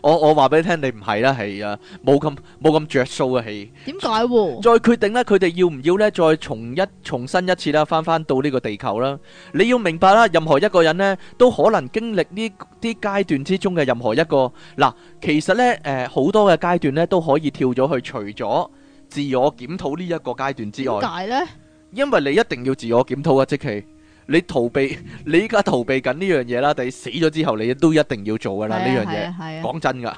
我我話俾你聽，你唔係啦，係啊，冇咁冇咁着數嘅戲。點解？再決定咧，佢哋要唔要咧？再重一重新一次啦，翻翻到呢個地球啦。你要明白啦，任何一個人咧，都可能經歷呢啲階段之中嘅任何一個。嗱，其實咧，誒，好多嘅階段咧，都可以跳咗去，除咗自我檢討呢一個階段之外，點解咧？因為你一定要自我檢討啊，即係。你逃避，你依家逃避緊呢樣嘢啦，但係死咗之後，你都一定要做噶啦呢樣嘢。講真噶，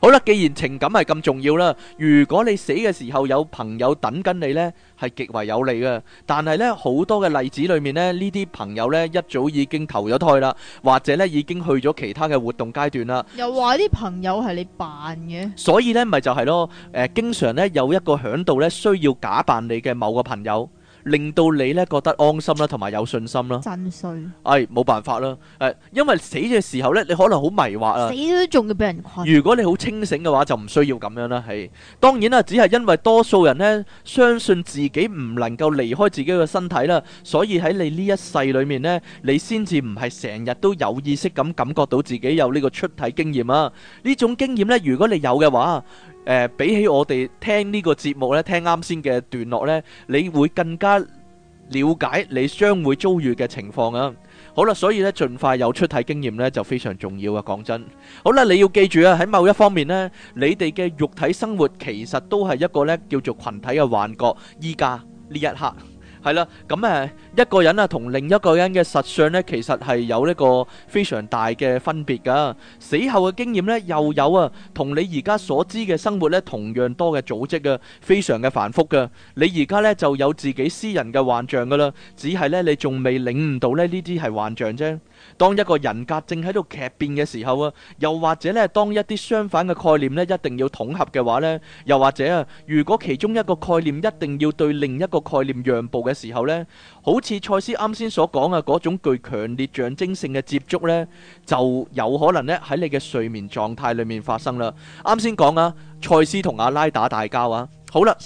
好啦，既然情感係咁重要啦，如果你死嘅時候有朋友等緊你咧，係極為有利噶。但係咧，好多嘅例子裏面咧，呢啲朋友咧一早已經投咗胎啦，或者咧已經去咗其他嘅活動階段啦。又話啲朋友係你扮嘅，所以咧咪就係咯，誒，經常咧有一個響度咧需要假扮你嘅某個朋友。令到你咧覺得安心啦，同埋有信心啦。真衰碎！哎，冇辦法啦，誒，因為死嘅時候呢，你可能好迷惑啊。死都仲要俾人困。如果你好清醒嘅話，就唔需要咁樣啦。係當然啦，只係因為多數人呢，相信自己唔能夠離開自己嘅身體啦，所以喺你呢一世裏面呢，你先至唔係成日都有意識咁感，感覺到自己有呢個出體經驗啊。呢種經驗呢，如果你有嘅話。誒、呃，比起我哋聽呢個節目咧，聽啱先嘅段落呢，你會更加了解你將會遭遇嘅情況啊！好啦，所以咧，盡快有出體經驗呢就非常重要啊！講真，好啦，你要記住啊，喺某一方面呢，你哋嘅肉體生活其實都係一個呢叫做群體嘅幻覺，依家呢一刻。係啦，咁誒、嗯、一個人啊，同另一個人嘅實相呢，其實係有呢個非常大嘅分別噶。死後嘅經驗呢，又有啊，同你而家所知嘅生活呢同樣多嘅組織啊，非常嘅繁複噶。你而家呢就有自己私人嘅幻象噶啦，只係呢，你仲未領悟到呢呢啲係幻象啫。當一個人格正喺度劇變嘅時候啊，又或者咧，當一啲相反嘅概念咧，一定要統合嘅話咧，又或者啊，如果其中一個概念一定要對另一個概念讓步嘅時候咧，好似賽斯啱先所講嘅嗰種具強烈象徵性嘅接觸咧，就有可能咧喺你嘅睡眠狀態裏面發生啦。啱先講啊，賽斯同阿拉打大交啊，好啦。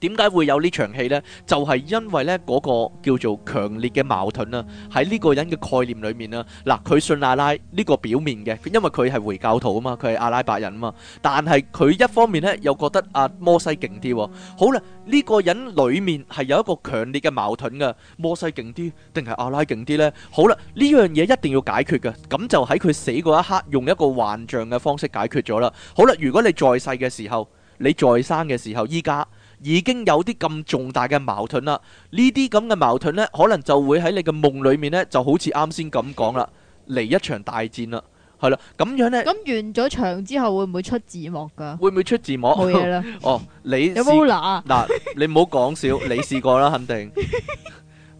點解會有呢場戲呢？就係、是、因為呢嗰個叫做強烈嘅矛盾啦、啊。喺呢個人嘅概念裏面啦，嗱、啊，佢信阿拉呢個表面嘅，因為佢係回教徒啊嘛，佢係阿拉伯人啊嘛。但係佢一方面呢，又覺得阿、啊、摩西勁啲。好啦，呢、這個人裏面係有一個強烈嘅矛盾噶，摩西勁啲定係阿拉勁啲呢？好啦，呢樣嘢一定要解決嘅，咁就喺佢死嗰一刻用一個幻象嘅方式解決咗啦。好啦，如果你在世嘅時候，你在生嘅時候，依家，已經有啲咁重大嘅矛盾啦，呢啲咁嘅矛盾咧，可能就會喺你嘅夢裡面咧，就好似啱先咁講啦，嚟一場大戰啦，係啦，咁樣咧。咁完咗場之後，會唔會出字幕噶？會唔會出字幕？冇嘢啦。哦，你有冇拿？嗱，你唔好講笑，你試過啦，肯定。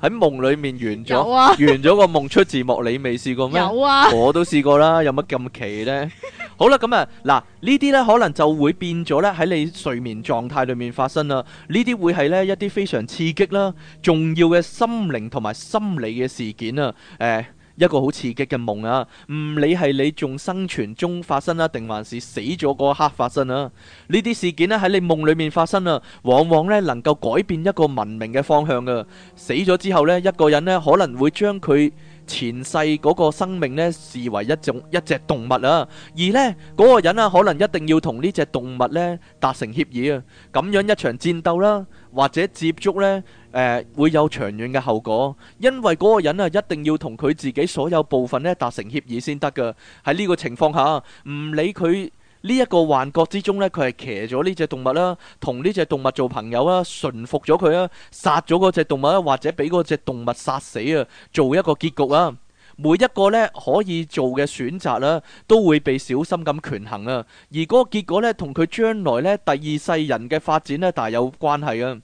喺夢裏面完咗，完咗有、啊、 [LAUGHS] 個夢出字幕，你未試過咩有、啊？ [LAUGHS] 有麼麼 [LAUGHS] 啊，我都試過啦，有乜咁奇呢？好啦，咁啊，嗱呢啲呢可能就會變咗呢，喺你睡眠狀態裏面發生啦，呢啲會係呢一啲非常刺激啦、重要嘅心靈同埋心理嘅事件啊，誒、哎。一個好刺激嘅夢啊！唔理係你仲生存中發生啊，定還是死咗嗰刻發生啊？呢啲事件呢，喺你夢裏面發生啊，往往呢能夠改變一個文明嘅方向噶。死咗之後呢，一個人呢可能會將佢。前世嗰個生命呢視為一種一隻動物啦，而呢嗰個人啊可能一定要同呢隻動物呢達成協議啊，咁樣一場戰鬥啦，或者接觸呢誒會有長遠嘅後果，因為嗰個人啊一定要同佢自己所有部分呢達成協議先得噶，喺呢個情況下唔理佢。呢一個幻覺之中咧，佢係騎咗呢隻動物啦，同呢隻動物做朋友啦，馴服咗佢啦，殺咗嗰隻動物啦，或者俾嗰隻動物殺死啊，做一個結局啦。每一個呢可以做嘅選擇啦，都會被小心咁權衡啊。而嗰個結果呢，同佢將來呢第二世人嘅發展呢，大有關係啊。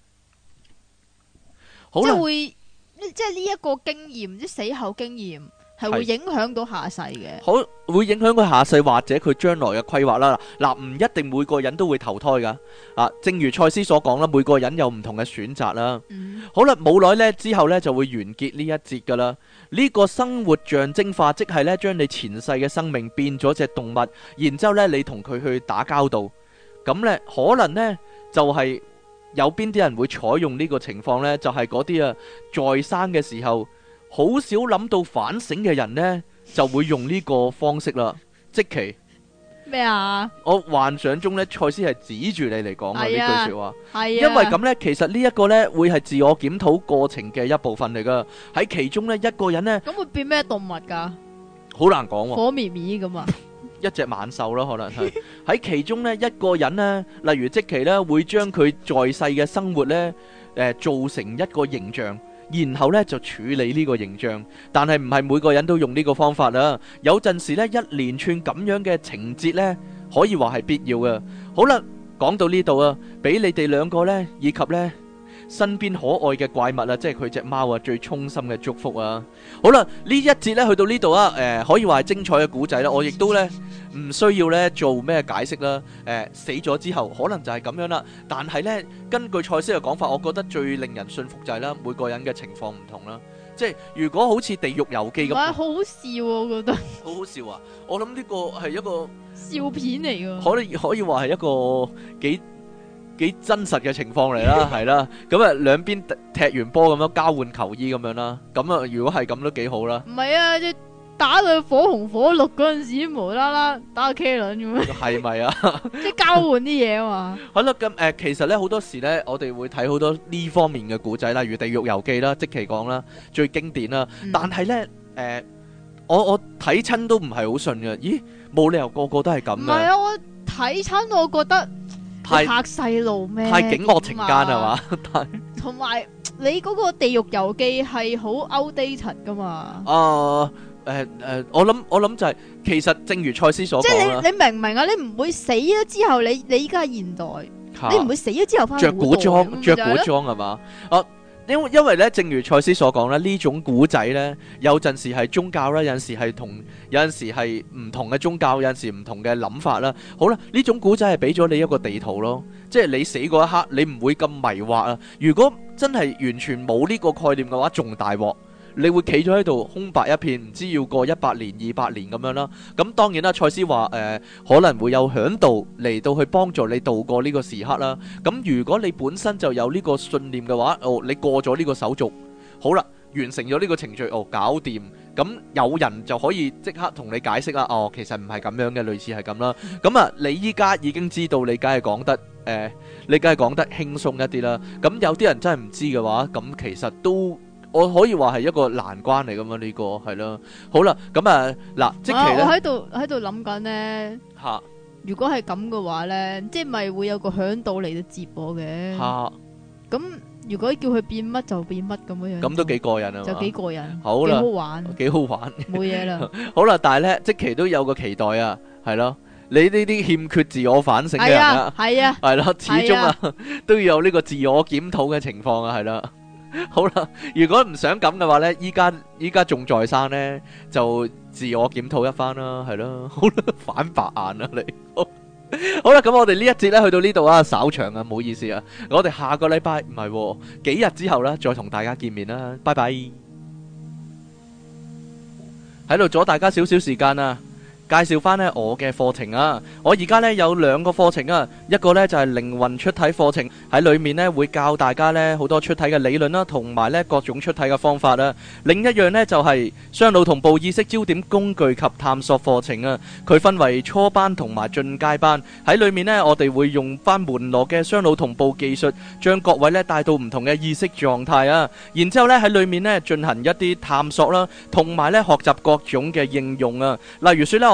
好即係會，即係呢一個經驗，即係死後經驗。係會影響到下世嘅，好會影響佢下世或者佢將來嘅規劃啦。嗱、啊，唔一定每個人都會投胎噶。啊，正如賽斯所講啦，每個人有唔同嘅選擇啦。嗯、好啦，冇耐呢，之後呢就會完結呢一節噶啦。呢、這個生活象徵化，即係呢將你前世嘅生命變咗隻動物，然之後咧你同佢去打交道。咁呢，可能呢就係、是、有邊啲人會採用呢個情況呢？就係嗰啲啊在生嘅時候，好少諗到反省嘅人咧，就會用呢個方式啦。即其咩啊？我幻想中咧，賽斯係指住你嚟講嘅呢句說話，係啊因為咁咧，其實呢一個咧會係自我檢討過程嘅一部分嚟噶。喺其中咧，一個人咧，咁會變咩動物噶？好難講，火綿綿咁啊！一隻猛獸咯，可能係喺其中咧，一個人咧，例如即其咧，會將佢在世嘅生活咧，誒，做成一個形象。然後咧就處理呢個形象，但係唔係每個人都用呢個方法啦、啊。有陣時咧，一連串咁樣嘅情節咧，可以話係必要嘅。好啦，講到呢度啊，俾你哋兩個咧以及咧。身邊可愛嘅怪物啦，即係佢隻貓啊，最衷心嘅祝福啊！好啦，一節呢一節咧去到呢度啊，誒、呃，可以話係精彩嘅古仔啦。我亦都咧唔需要咧做咩解釋啦。誒、呃，死咗之後可能就係咁樣啦。但係咧，根據塞斯嘅講法，我覺得最令人信服就係、是、啦，每個人嘅情況唔同啦。即係如果好似《地獄遊記》咁，好好笑，我覺得好好笑啊！我諗呢、啊、個係一個笑片嚟嘅，可可以話係一個幾。幾真實嘅情況嚟啦，係啦、 [LAUGHS] 啊，咁啊兩邊踢完波咁樣交換球衣咁樣啦，咁啊如果係咁都幾好啦。唔係啊，即打到火紅火綠嗰陣時，無啦啦打個 K 輪咁啊，係咪啊？即係交換啲嘢啊嘛。 [LAUGHS] [LAUGHS] [LAUGHS] 好啦，咁、嗯、誒、嗯、其實咧好多時咧，我哋會睇好多呢方面嘅古仔，例如《地獄遊記》啦、《即期講》啦、最經典啦。嗯、但係咧，誒、呃，我我睇親都唔係好信嘅。咦，冇理由個個都係咁啊！唔係啊，我睇親，我覺得。拍細路咩？太警惡懲奸係嘛？同埋 [LAUGHS] 你嗰個《地獄遊記、呃》係好 outdated 噶嘛？啊，誒誒，我諗我諗就係、是，其實正如賽斯所講啦。你明唔明啊？你唔會死咗之後你，你你依家係現代，啊、你唔會死咗之後翻着古裝，着、啊、古裝係嘛？啊！因因為咧，正如賽斯所講咧，呢種古仔咧，有陣時係宗教啦，有陣時係同，有陣時係唔同嘅宗教，有陣時唔同嘅諗法啦。好啦，呢種古仔係俾咗你一個地圖咯，即係你死嗰一刻，你唔會咁迷惑啊。如果真係完全冇呢個概念嘅話，仲大鑊。你會企咗喺度空白一片，唔知要過一百年、二百年咁樣啦。咁當然啦，賽斯話誒，可能會有嚮導嚟到去幫助你度過呢個時刻啦。咁如果你本身就有呢個信念嘅話，哦，你過咗呢個手續，好啦，完成咗呢個程序，哦，搞掂。咁有人就可以即刻同你解釋啦。哦，其實唔係咁樣嘅，類似係咁啦。咁啊，你依家已經知道，你梗係講得誒，你梗係講得輕鬆一啲啦。咁有啲人真係唔知嘅話，咁其實都。我可以話係一個難關嚟噶嘛？呢、這個係咯，好啦，咁啊嗱、啊，即係我喺度喺度諗緊咧，吓，如果係咁嘅話咧，即係咪會有個響度嚟到接我嘅？吓、啊，咁如果叫佢變乜就變乜咁樣樣，咁都幾過癮啊！就幾過癮，好啦，好玩，幾、啊、好玩，冇嘢啦。 [LAUGHS] 好啦，但係咧，即期都有個期待啊，係咯，你呢啲欠缺自我反省嘅，係 [LAUGHS] 是的啊，係啊，係咯，始終啊都要有呢個自我檢討嘅情況啊，係啦。好啦，如果唔想咁嘅話呢，依家依家仲在生呢，就自我檢討一番啦，係咯，好啦，反白眼啦你，好啦，咁、啊、 [LAUGHS] 我哋呢一節呢，去到呢度啊，稍長啊，唔好意思啊，我哋下個禮拜唔係幾日之後呢，再同大家見面啦，拜拜，喺度阻大家少少時間啊。介紹翻呢我嘅課程啊，我而家呢有兩個課程啊，一個呢就係靈魂出體課程，喺裏面呢會教大家呢好多出體嘅理論啦，同埋呢各種出體嘅方法啦。另一樣呢就係雙腦同步意識焦點工具及探索課程啊，佢分為初班同埋進階班，喺裏面呢我哋會用翻門羅嘅雙腦同步技術，將各位呢帶到唔同嘅意識狀態啊，然之後呢喺裏面呢進行一啲探索啦，同埋呢學習各種嘅應用啊，例如說呢。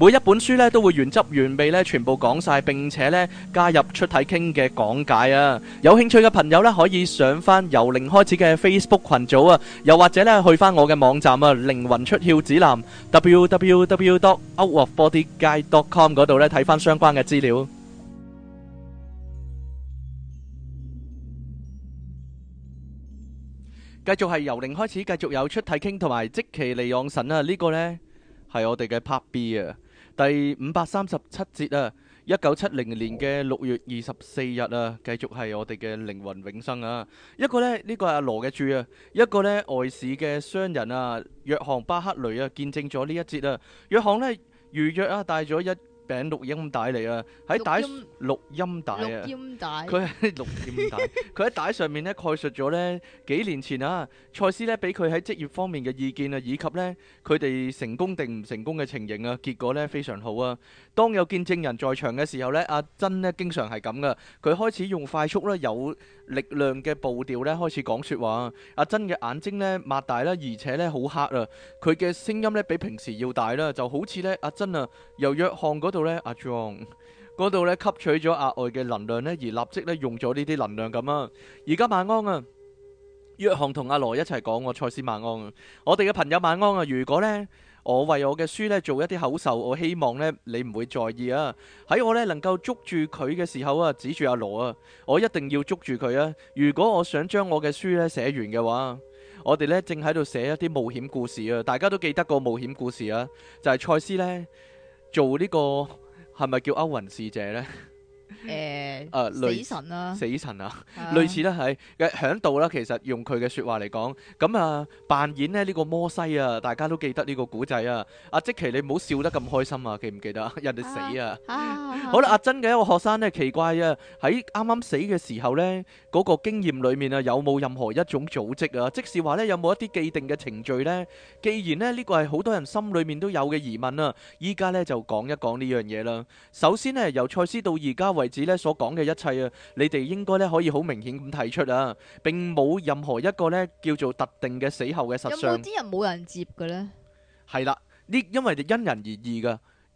每一本書咧都會原汁原味咧全部講晒，並且咧加入出體傾嘅講解啊！有興趣嘅朋友咧可以上翻由零開始嘅 Facebook 群組啊，又或者咧去翻我嘅網站啊靈魂出竅指南 www.outofbodyguide.com 嗰度咧睇翻相關嘅資料。繼續係由零開始，繼續有出體傾同埋即期利養神啊！這個、呢個咧係我哋嘅 Part B 啊！第五百三十七節啊，一九七零年嘅六月二十四日啊，繼續係我哋嘅靈魂永生啊。一個呢，呢、呢個阿羅嘅註啊，一個呢，外市嘅商人啊，約翰巴克雷啊見證咗呢一節啊。約翰呢，預約啊帶咗一，柄錄音帶嚟啊，喺帶錄音，錄音帶啊，佢係錄音帶，佢喺帶, [LAUGHS] 帶上面咧概述咗咧幾年前啊，賽 [LAUGHS] 斯咧俾佢喺職業方面嘅意見啊，以及咧佢哋成功定唔成功嘅情形啊，結果咧非常好啊。當有見證人在場嘅時候咧，阿珍呢經常係咁噶，佢開始用快速咧有。力量嘅步調咧開始講說話，阿珍嘅眼睛咧擘大啦，而且咧好黑啊。佢嘅聲音咧比平時要大啦，就好似咧阿珍啊由約翰嗰度咧阿 John 嗰度咧吸取咗額外嘅能量咧，而立即咧用咗呢啲能量咁啊。而家晚安啊，約翰同阿羅一齊講我賽斯晚安啊，安我哋嘅朋友晚安啊。如果咧。我為我嘅書咧做一啲口授，我希望咧你唔會在意啊！喺我咧能夠捉住佢嘅時候啊，指住阿羅啊，我一定要捉住佢啊！如果我想將我嘅書咧寫完嘅話，我哋呢正喺度寫一啲冒險故事啊！大家都記得個冒險故事啊，就係賽斯呢做呢、這個係咪叫歐雲侍者呢？ [LAUGHS] 誒死神啦，死神啊，類似咧喺嘅響度啦。其實用佢嘅説話嚟講，咁啊扮演咧呢個摩西啊，大家都記得呢個古仔啊。阿即奇你唔好笑得咁開心啊，記唔記得？人哋死啊。好啦，阿珍嘅一個學生咧，奇怪啊，喺啱啱死嘅時候咧，嗰個經驗裡面啊，有冇任何一種組織啊？即是話咧，有冇一啲既定嘅程序咧？既然咧呢個係好多人心裡面都有嘅疑問啦，依家咧就講一講呢樣嘢啦。首先咧，由賽斯到而家為子咧所講嘅一切啊，你哋應該咧可以好明顯咁睇出啊，並冇任何一個咧叫做特定嘅死後嘅實相。有冇啲人冇人接嘅咧？係啦，呢因為因人而異噶。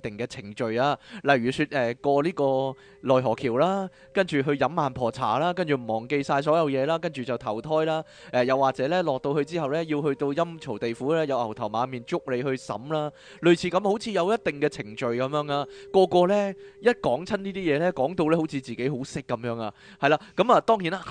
定嘅程序啊，例如說誒、呃、過呢個奈何橋啦，跟住去飲孟婆茶啦，跟住忘記晒所有嘢啦，跟住就投胎啦。誒、呃，又或者咧落到去之後咧，要去到陰曹地府咧，有牛頭馬面捉你去審啦。類似咁，好似有一定嘅程序咁樣啊。個個咧一講親呢啲嘢咧，講到咧好似自己好識咁樣啊。係啦，咁啊，當然啦。 [LAUGHS]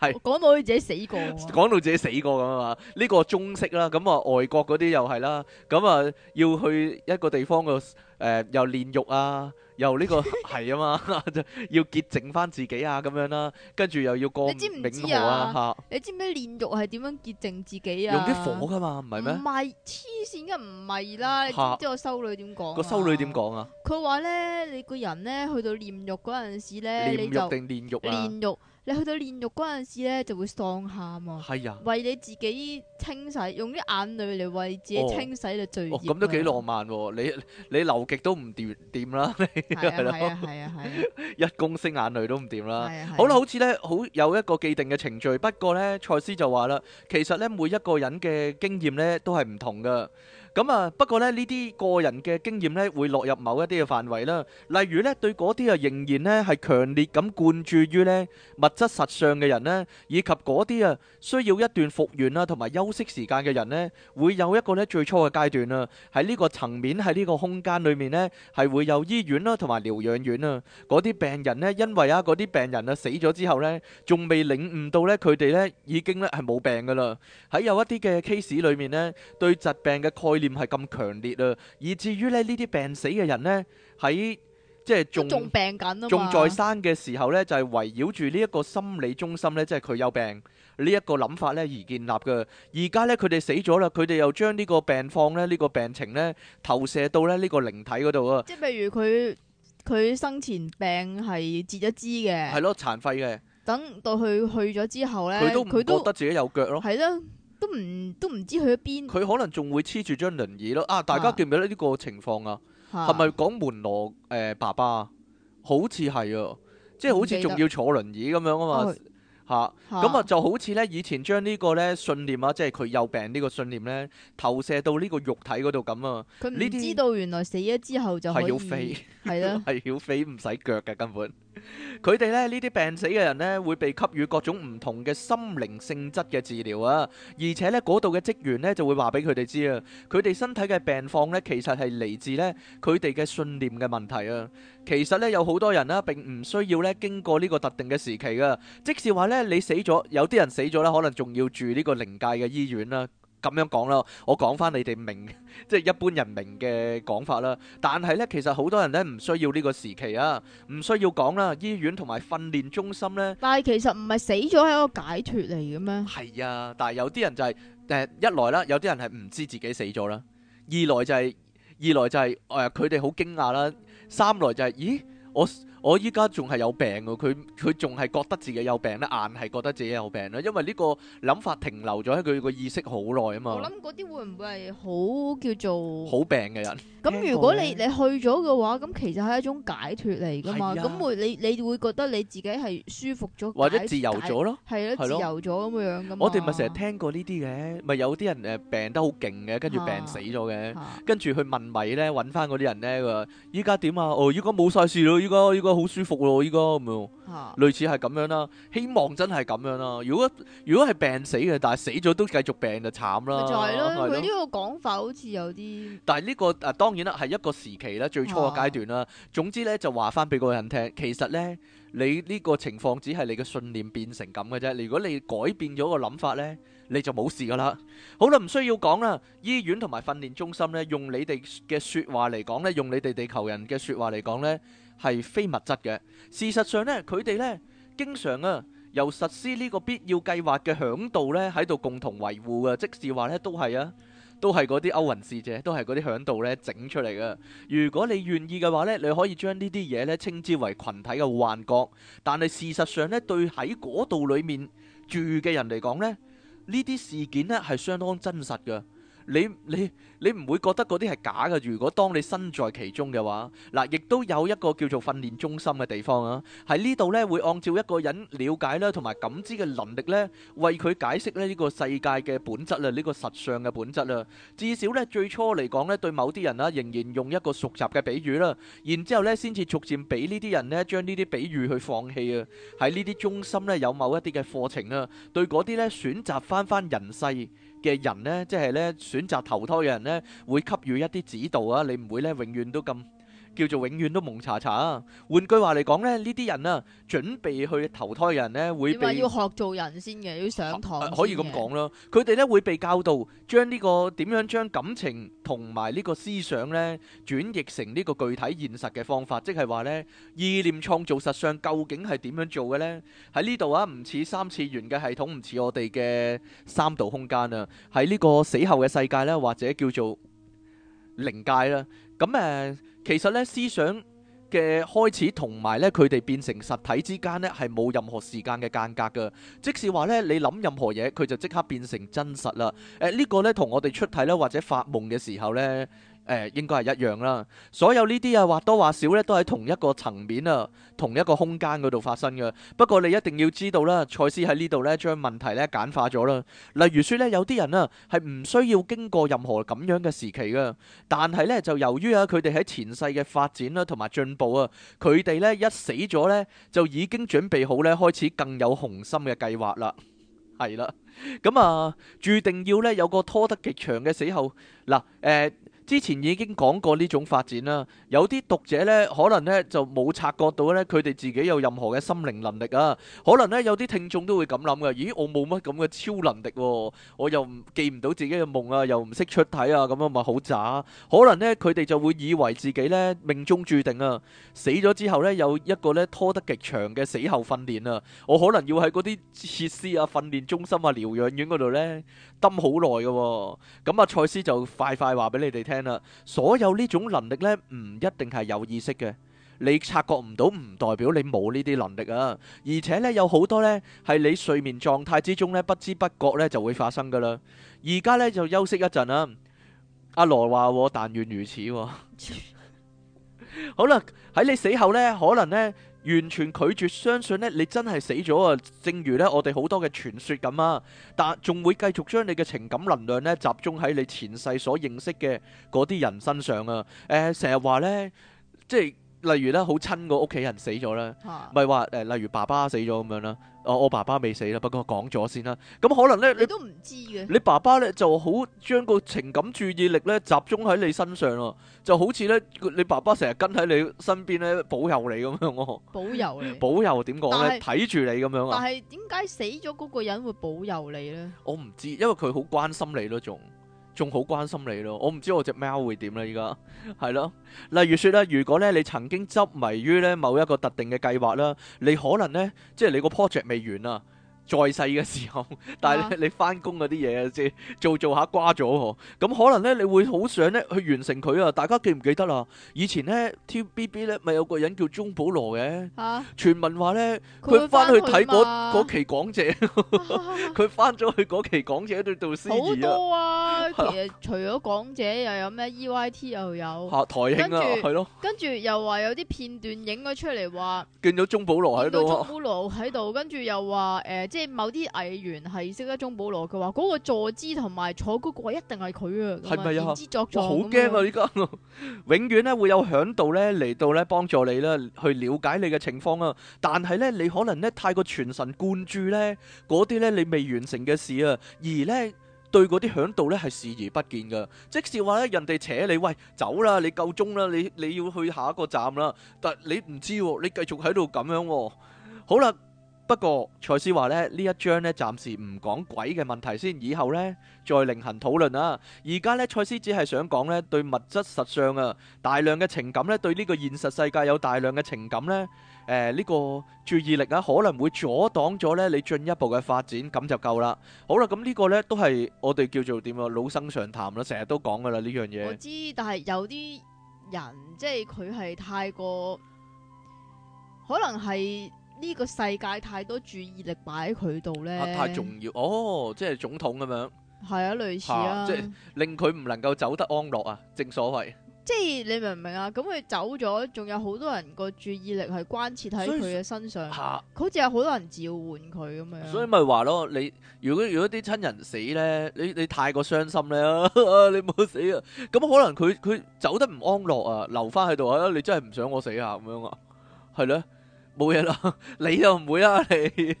係講 [LAUGHS] 到佢自己死過，講 [LAUGHS] 到自己死過咁啊嘛！呢、這個中式啦，咁、嗯、啊外國嗰啲又係啦，咁、嗯、啊要去一個地方個誒、呃、又煉獄啊，又呢、這個係啊嘛， [LAUGHS] 要潔淨翻自己啊咁樣啦，跟住又要過冥河啊吓！你知唔知啊？你知唔知煉獄係點樣潔淨自己啊？己啊用啲火噶嘛，唔係咩？唔係黐線嘅，唔係啦！你知唔知我修女點講？個修女點講啊？佢話咧，你個人咧去到煉獄嗰陣時咧，煉獄定煉獄？煉獄。你去到煉獄嗰陣時咧，就會喪喊啊！係啊呀，為你自己清洗，用啲眼淚嚟為自己清洗嘅罪孽。咁都幾浪漫喎！ [LAUGHS] 你你流極都唔掂掂啦，係咯，係啊係啊係啊，一公升眼淚都唔掂啦。係啊，好啦，啊、好似咧好有一個既定嘅程序，不過咧，賽斯就話啦，其實咧每一個人嘅經驗咧都係唔同㗎。咁啊，不過咧呢啲個人嘅經驗咧，會落入某一啲嘅範圍啦。例如咧，對嗰啲啊仍然咧係強烈咁貫注於咧物質實相嘅人咧，以及嗰啲啊需要一段復原啊同埋休息時間嘅人咧，會有一個咧最初嘅階段啊。喺呢個層面，喺呢個空間裏面咧，係會有醫院啦同埋療養院啊。嗰啲病人咧，因為啊嗰啲病人啊死咗之後咧，仲未領悟到咧佢哋咧已經咧係冇病噶啦。喺有一啲嘅 case 裏面咧，對疾病嘅概念，唔係咁強烈啊！以至於咧，呢啲病死嘅人呢，喺即係仲仲病緊啊，仲在生嘅時候呢，就係、是、圍繞住呢一個心理中心呢，即係佢有病呢一、這個諗法呢，而建立嘅。而家呢，佢哋死咗啦，佢哋又將呢個病況咧，呢、這個病情呢，投射到咧呢個靈體嗰度啊！即係譬如佢佢生前病係截咗肢嘅，係咯殘廢嘅。等到佢去咗之後呢，佢都佢覺得自己有腳咯，係咯。都唔都唔知去咗邊。佢可能仲會黐住張輪椅咯。啊，大家記唔記得呢個情況啊？係咪講門羅誒、呃、爸爸？好似係啊，即係好似仲要坐輪椅咁樣啊嘛。吓、啊，咁啊，啊就好似咧以前將呢個咧信念啊，即係佢有病呢個信念咧投射到呢個肉體嗰度咁啊。你知道原來死咗之後就係要飛，係啊，係要飛唔使腳嘅根本。佢哋咧呢啲病死嘅人呢，會被給予各種唔同嘅心靈性質嘅治療啊！而且呢，嗰度嘅職員呢，就會話俾佢哋知啊，佢哋身體嘅病況呢，其實係嚟自，呢佢哋嘅信念嘅問題啊！其實呢，有好多人呢，並唔需要呢經過呢個特定嘅時期噶，即使話呢，你死咗，有啲人死咗呢，可能仲要住呢個靈界嘅醫院啦。咁樣講啦，我講翻你哋明，即係一般人明嘅講法啦。但係呢，其實好多人呢唔需要呢個時期啊，唔需要講啦。醫院同埋訓練中心呢。但係其實唔係死咗係一個解脫嚟嘅咩？係啊，但係有啲人就係誒一來啦，有啲人係唔知自己死咗啦；二來就係二來就係誒佢哋好驚訝啦；三來就係咦我。我依家仲係有病㗎，佢佢仲係覺得自己有病咧，硬係覺得自己有病咧，因為呢個諗法停留咗喺佢個意識好耐啊嘛。我諗嗰啲會唔會係好叫做好病嘅人？咁如果你你去咗嘅話，咁其實係一種解脱嚟㗎嘛。咁會、啊、你你會覺得你自己係舒服咗，或者自由咗咯？係啊，自由咗咁樣㗎嘛。我哋咪成日聽過呢啲嘅，咪有啲人誒病得好勁嘅，跟住病死咗嘅，跟住去問米咧揾翻嗰啲人咧，佢話依家點啊？哦，如果冇晒事咯，如果如果。好舒服咯，依家咁樣類似係咁樣啦，希望真係咁樣啦。如果如果係病死嘅，但係死咗都繼續病就慘啦。係咯，佢呢個講法好似有啲。但係呢個誒，當然啦，係一個時期啦，最初嘅階段啦。總之咧，就話翻俾個人聽，其實咧，你呢個情況只係你嘅信念變成咁嘅啫。如果你改變咗個諗法咧，你就冇事噶啦。好啦，唔需要講啦。醫院同埋訓練中心咧，用你哋嘅說話嚟講咧，用你哋地球人嘅說話嚟講咧。係非物質嘅。事實上呢，佢哋呢經常啊，由實施呢個必要計劃嘅嚮導呢喺度共同維護嘅。即使話呢都係啊，都係嗰啲歐雲使者，都係嗰啲嚮導呢整出嚟嘅。如果你願意嘅話呢，你可以將呢啲嘢呢稱之為群體嘅幻覺。但係事實上呢，對喺嗰度裡面住嘅人嚟講呢，呢啲事件呢係相當真實嘅。你你你唔會覺得嗰啲係假嘅，如果當你身在其中嘅話，嗱，亦都有一個叫做訓練中心嘅地方啊。喺呢度咧，會按照一個人了解啦同埋感知嘅能力咧，為佢解釋咧呢個世界嘅本質啦，呢個實相嘅本質啦。至少咧，最初嚟講咧，對某啲人啦，仍然用一個熟習嘅比喻啦，然之後咧，先至逐漸俾呢啲人咧，將呢啲比喻去放棄啊。喺呢啲中心咧，有某一啲嘅課程啊，對嗰啲咧選擇翻翻人世嘅人咧，即係咧選擇投胎嘅人咧，會給予一啲指導啊！你唔會咧永遠都咁。叫做永遠都蒙查查。換句話嚟講咧，呢啲人啦，準備去投胎嘅人咧，會被要學做人先嘅，要上堂。可以咁講咯，佢哋咧會被教導將呢個點樣將感情同埋呢個思想咧，轉譯成呢個具體現實嘅方法，即係話咧意念創造實相究竟係點樣做嘅咧？喺呢度啊，唔似三次元嘅系統，唔似我哋嘅三度空間啊，喺呢個死後嘅世界咧，或者叫做靈界啦。咁誒。其實咧思想嘅開始同埋咧佢哋變成實體之間咧係冇任何時間嘅間隔㗎，即使話咧你諗任何嘢，佢就即刻變成真實啦。誒、呃、這個、呢個咧同我哋出體咧或者發夢嘅時候呢。誒、哎、應該係一樣啦，所有呢啲啊或多或少咧，都喺同一個層面啊，同一個空間嗰度發生嘅。不過你一定要知道啦，賽斯喺呢度呢，將問題呢，簡化咗啦。例如説呢，有啲人啊係唔需要經過任何咁樣嘅時期嘅，但係呢，就由於啊佢哋喺前世嘅發展啦同埋進步啊，佢哋呢，一死咗呢，就已經準備好呢，開始更有雄心嘅計劃 [LAUGHS] 啦。係、嗯、啦，咁啊注定要呢，有個拖得極長嘅死後嗱誒。之前已經講過呢種發展啦，有啲讀者咧可能咧就冇察覺到咧，佢哋自己有任何嘅心靈能力啊。可能咧有啲聽眾都會咁諗嘅，咦，我冇乜咁嘅超能力，我又唔記唔到自己嘅夢啊，又唔識出體啊，咁樣咪好渣。可能咧佢哋就會以為自己咧命中注定啊，死咗之後咧有一個咧拖得極長嘅死後訓練啊，我可能要喺啲設施啊、訓練中心啊、療養院度咧蹲好耐嘅。咁啊，賽斯就快快話俾你哋聽。所有呢種能力呢，唔一定係有意識嘅，你察覺唔到唔代表你冇呢啲能力啊，而且呢，有好多呢，係你睡眠狀態之中呢，不知不覺呢就會發生噶啦，而家呢，就休息一陣啊，阿羅話我但願如此、哦， [LAUGHS] 好啦喺你死後呢，可能呢。完全拒絕相信咧，你真係死咗啊！正如咧，我哋好多嘅傳說咁啊，但仲會繼續將你嘅情感能量咧集中喺你前世所認識嘅嗰啲人身上啊！誒、呃，成日話呢，即係。例如咧，好親個屋企人死咗啦，咪係話誒，例如爸爸死咗咁樣啦。我、啊、我爸爸未死啦，不過講咗先啦。咁可能咧，你，你都唔知嘅。你爸爸咧就好將個情感注意力咧集中喺你身上咯，就好似咧你爸爸成日跟喺你身邊咧保佑你咁樣哦。保佑保佑點講咧？睇住是你咁樣啊？但係點解死咗嗰個人會保佑你咧？我唔知，因為佢好關心你嗰種。仲好關心你咯，我唔知我隻貓會點啦，依家係咯。例如說咧，如果咧你曾經執迷於咧某一個特定嘅計劃啦，你可能咧即係你個 project 未完啊。在世嘅時候，但係咧你翻工嗰啲嘢，即係做做下瓜咗。咁可能咧，你會好想咧去完成佢啊！大家記唔記得啦？以前咧 T V B 咧，咪有個人叫鍾保羅嘅，傳聞話咧，佢翻去睇嗰期港姐，佢翻咗去嗰期港姐度做司儀啦。好多啊！其實，除咗港姐又有咩 E Y T 又有吓台慶啊，係咯，跟住又話有啲片段影咗出嚟話見到鍾保羅喺度喎，鍾保羅喺度，跟住又話誒。即係某啲藝員係識得鍾保羅，佢話嗰個坐姿同埋坐嗰個位一定係佢啊，係咪啊？我好驚啊！依家永遠咧會有嚮導咧嚟到咧幫助你啦，去了解你嘅情況啊。但係咧你可能咧太過全神貫注咧，嗰啲咧你未完成嘅事啊，而咧對嗰啲嚮導咧係視而不見噶。即使話咧人哋扯你喂走啦，你夠鐘啦，你你要去下一個站啦，但你唔知你繼續喺度咁樣。好啦。不過賽斯話咧呢一章呢，暫時唔講鬼嘅問題先，以後呢，再另行討論啦。而家呢，賽斯只係想講呢對物質實相啊大量嘅情感呢，對呢個現實世界有大量嘅情感呢。誒、呃、呢、這個注意力啊可能會阻擋咗呢你進一步嘅發展，咁就夠啦。好啦，咁呢個呢，都係我哋叫做點啊老生常談啦，成日都講噶啦呢樣嘢。我知，但係有啲人即係佢係太過，可能係。呢個世界太多注意力擺喺佢度咧，太重要哦，即係總統咁樣，係啊，類似啊，啊即係令佢唔能夠走得安樂啊，正所謂，即係你明唔明啊？咁佢走咗，仲有好多人個注意力係關切喺佢嘅身上，吓，啊、好似有好多人召喚佢咁樣、啊，所以咪話咯，你如果如果啲親人死咧，你你太過傷心咧、啊， [LAUGHS] 你冇死啊，咁可能佢佢走得唔安樂啊，留翻喺度啊，你真係唔想我死啊，咁樣啊，係咧。冇嘢咯，你又唔會啦，你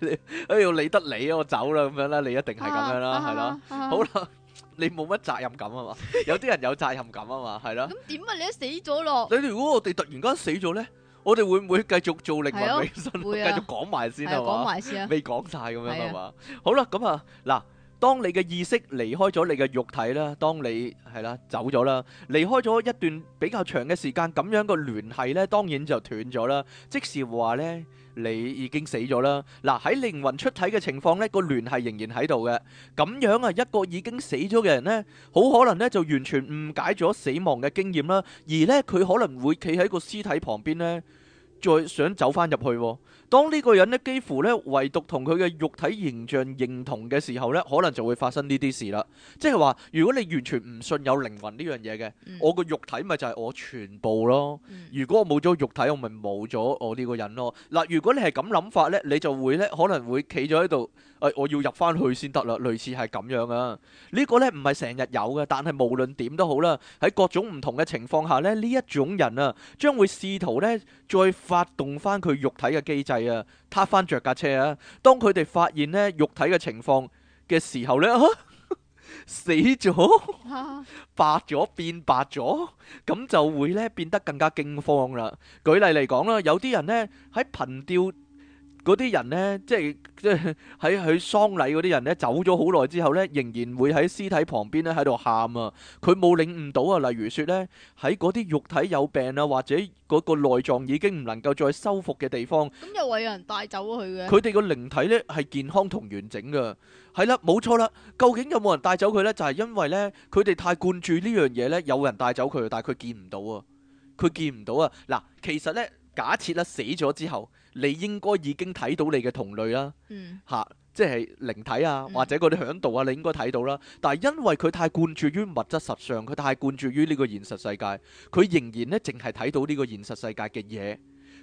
哎呦，你、哎、理得你我走啦咁樣啦，你一定係咁樣啦，係咯，好啦，你冇乜責任感啊嘛， [LAUGHS] 有啲人有責任感啊嘛，係咯。咁點啊？你都死咗咯。你如果我哋突然間死咗咧，我哋會唔會繼續做靈魂永生？繼、啊、續講埋先講埋先啊嘛，未講晒咁樣啊嘛。好啦，咁啊嗱。當你嘅意識離開咗你嘅肉體啦，當你係啦走咗啦，離開咗一段比較長嘅時間，咁樣個聯繫呢當然就斷咗啦。即是話呢，你已經死咗啦。嗱，喺靈魂出體嘅情況呢，個聯繫仍然喺度嘅。咁樣啊，一個已經死咗嘅人呢，好可能呢就完全誤解咗死亡嘅經驗啦。而呢，佢可能會企喺個屍體旁邊呢，再想走翻入去。當呢個人咧幾乎咧唯獨同佢嘅肉體形象認同嘅時候咧，可能就會發生呢啲事啦。即係話，如果你完全唔信有靈魂呢樣嘢嘅，嗯、我個肉體咪就係我全部咯。如果我冇咗肉體我咪冇咗我呢個人咯。嗱、啊，如果你係咁諗法咧，你就會咧可能會企咗喺度，誒、哎、我要入翻去先得啦。類似係咁樣啊。這個、呢個咧唔係成日有嘅，但係無論點都好啦，喺各種唔同嘅情況下咧，呢一種人啊，將會試圖咧再發動翻佢肉體嘅機制。係啊，撻翻着架車啊！當佢哋發現呢肉體嘅情況嘅時候呢，啊、死咗，白咗，變白咗，咁就會呢變得更加驚慌啦。舉例嚟講啦，有啲人呢喺頻調。嗰啲人咧，即係即係喺佢喪禮嗰啲人咧，走咗好耐之後咧，仍然會喺屍體旁邊咧喺度喊啊！佢冇領悟到啊！例如說咧，喺嗰啲肉體有病啊，或者嗰個內臟已經唔能夠再修復嘅地方，咁又話有人帶走咗佢嘅。佢哋個靈體咧係健康同完整㗎，係啦，冇錯啦。究竟有冇人帶走佢咧？就係因為咧，佢哋太貫注呢樣嘢咧，有人帶走佢，但係佢見唔到啊！佢見唔到啊！嗱，其實咧。假設咧、啊、死咗之後，你應該已經睇到你嘅同類啦、啊，嚇、嗯啊，即係靈體啊，或者嗰啲響度啊，你應該睇到啦。但係因為佢太灌注於物質實上，佢太灌注於呢個現實世界，佢仍然咧淨係睇到呢個現實世界嘅嘢。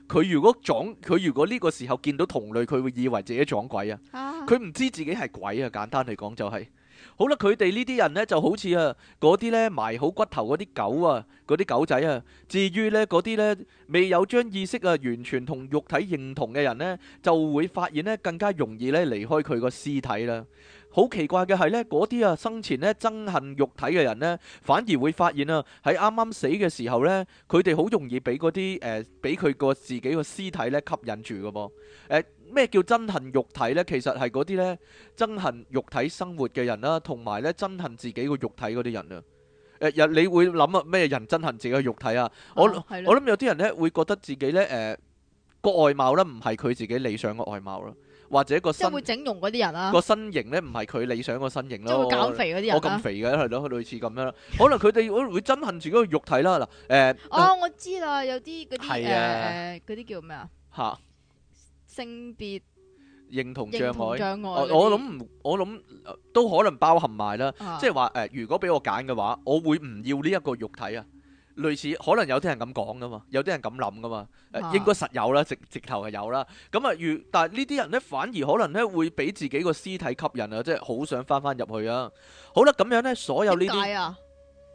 佢如果撞，佢如果呢個時候見到同類，佢會以為自己撞鬼啊！佢唔、啊、知自己係鬼啊！簡單嚟講就係、是。好啦，佢哋呢啲人呢，就好似啊嗰啲呢埋好骨頭嗰啲狗啊，嗰啲狗仔啊。至於呢嗰啲呢，未有將意識啊完全同肉體認同嘅人呢，就會發現呢更加容易呢離開佢個屍體啦。好奇怪嘅係呢嗰啲啊生前呢憎恨肉體嘅人呢，反而會發現啊喺啱啱死嘅時候呢，佢哋好容易俾嗰啲誒俾佢個自己個屍體呢吸引住㗎噃誒。咩叫憎恨肉體咧？其實係嗰啲咧，憎恨肉體生活嘅人啦，同埋咧，憎恨自己個肉體嗰啲人啊。誒，日你會諗啊咩人憎恨自己個肉體啊？我我諗有啲人咧會覺得自己咧誒個外貌咧唔係佢自己理想個外貌咯，或者個身會整容嗰啲人啊，個身形咧唔係佢理想個身形咯，即係減肥嗰啲人，我咁肥嘅係咯，類似咁樣咯。可能佢哋會會憎恨自己個肉體啦嗱誒。哦，我知啦，有啲嗰啲誒誒嗰啲叫咩啊吓？性別認同障礙障礙，我我諗我諗都可能包含埋啦。即係話誒，如果俾我揀嘅話，我會唔要呢一個肉體啊。類似可能有啲人咁講噶嘛，有啲人咁諗噶嘛。誒、呃，啊、應該實有啦，直直頭係有啦。咁啊，如但係呢啲人咧，反而可能咧會俾自己個屍體吸引啊，即係好想翻翻入去啊。好啦，咁樣咧，所有呢啲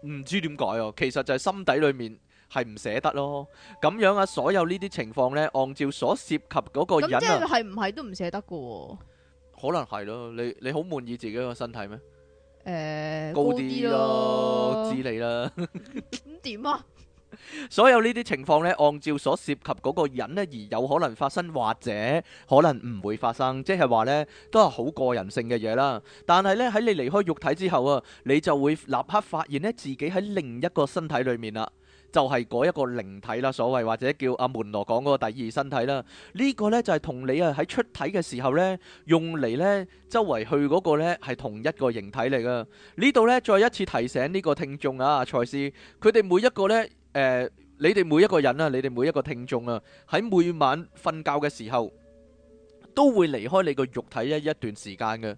唔知點解啊，其實就係心底裏面。係唔捨得咯，咁樣啊，所有呢啲情況呢，按照所涉及嗰個人啊，即係係唔係都唔捨得噶？可能係咯，你你好滿意自己個身體咩？呃、高啲咯，知你啦。咁點、嗯、啊？ [LAUGHS] 所有呢啲情況呢，按照所涉及嗰個人呢，而有可能發生，或者可能唔會發生，即係話呢，都係好個人性嘅嘢啦。但係呢，喺你離開肉體之後啊，你就會立刻發現呢，自己喺另一個身體裏面啦。就係嗰一個靈體啦，所謂或者叫阿門羅講嗰個第二身體啦。呢個呢就係同你啊，喺出體嘅時候呢用嚟呢周圍去嗰個呢係同一個形體嚟噶。呢度呢再一次提醒呢個聽眾啊，蔡師佢哋每一個呢誒，你哋每一個人啊，你哋每一個聽眾啊，喺每晚瞓覺嘅時候都會離開你個肉體一一段時間嘅。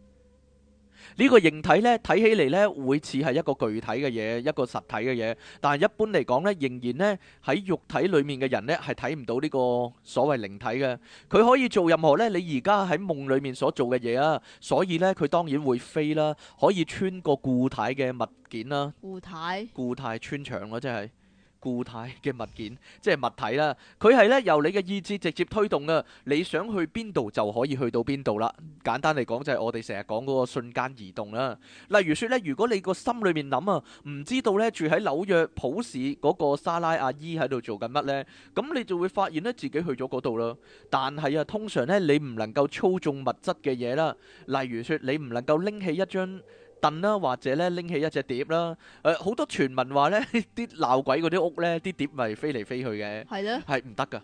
呢個形體呢，睇起嚟呢，會似係一個具體嘅嘢，一個實體嘅嘢。但係一般嚟講呢，仍然呢，喺肉體裏面嘅人呢，係睇唔到呢個所謂靈體嘅。佢可以做任何呢，你而家喺夢裏面所做嘅嘢啊。所以呢，佢當然會飛啦，可以穿過固體嘅物件啦。固體。固態穿牆咯，即係。固態嘅物件，即係物體啦。佢係咧由你嘅意志直接推動嘅。你想去邊度就可以去到邊度啦。簡單嚟講，就係我哋成日講嗰個瞬間移動啦。例如說咧，如果你個心裏面諗啊，唔知道咧住喺紐約普市嗰個莎拉阿姨喺度做緊乜呢，咁你就會發現咧自己去咗嗰度咯。但係啊，通常咧你唔能夠操縱物質嘅嘢啦。例如說，你唔能夠拎起一張凳啦，或者咧拎起一隻碟啦，誒，好多傳聞話咧啲鬧鬼嗰啲屋咧啲碟咪飛嚟飛去嘅，係咧，係唔得噶，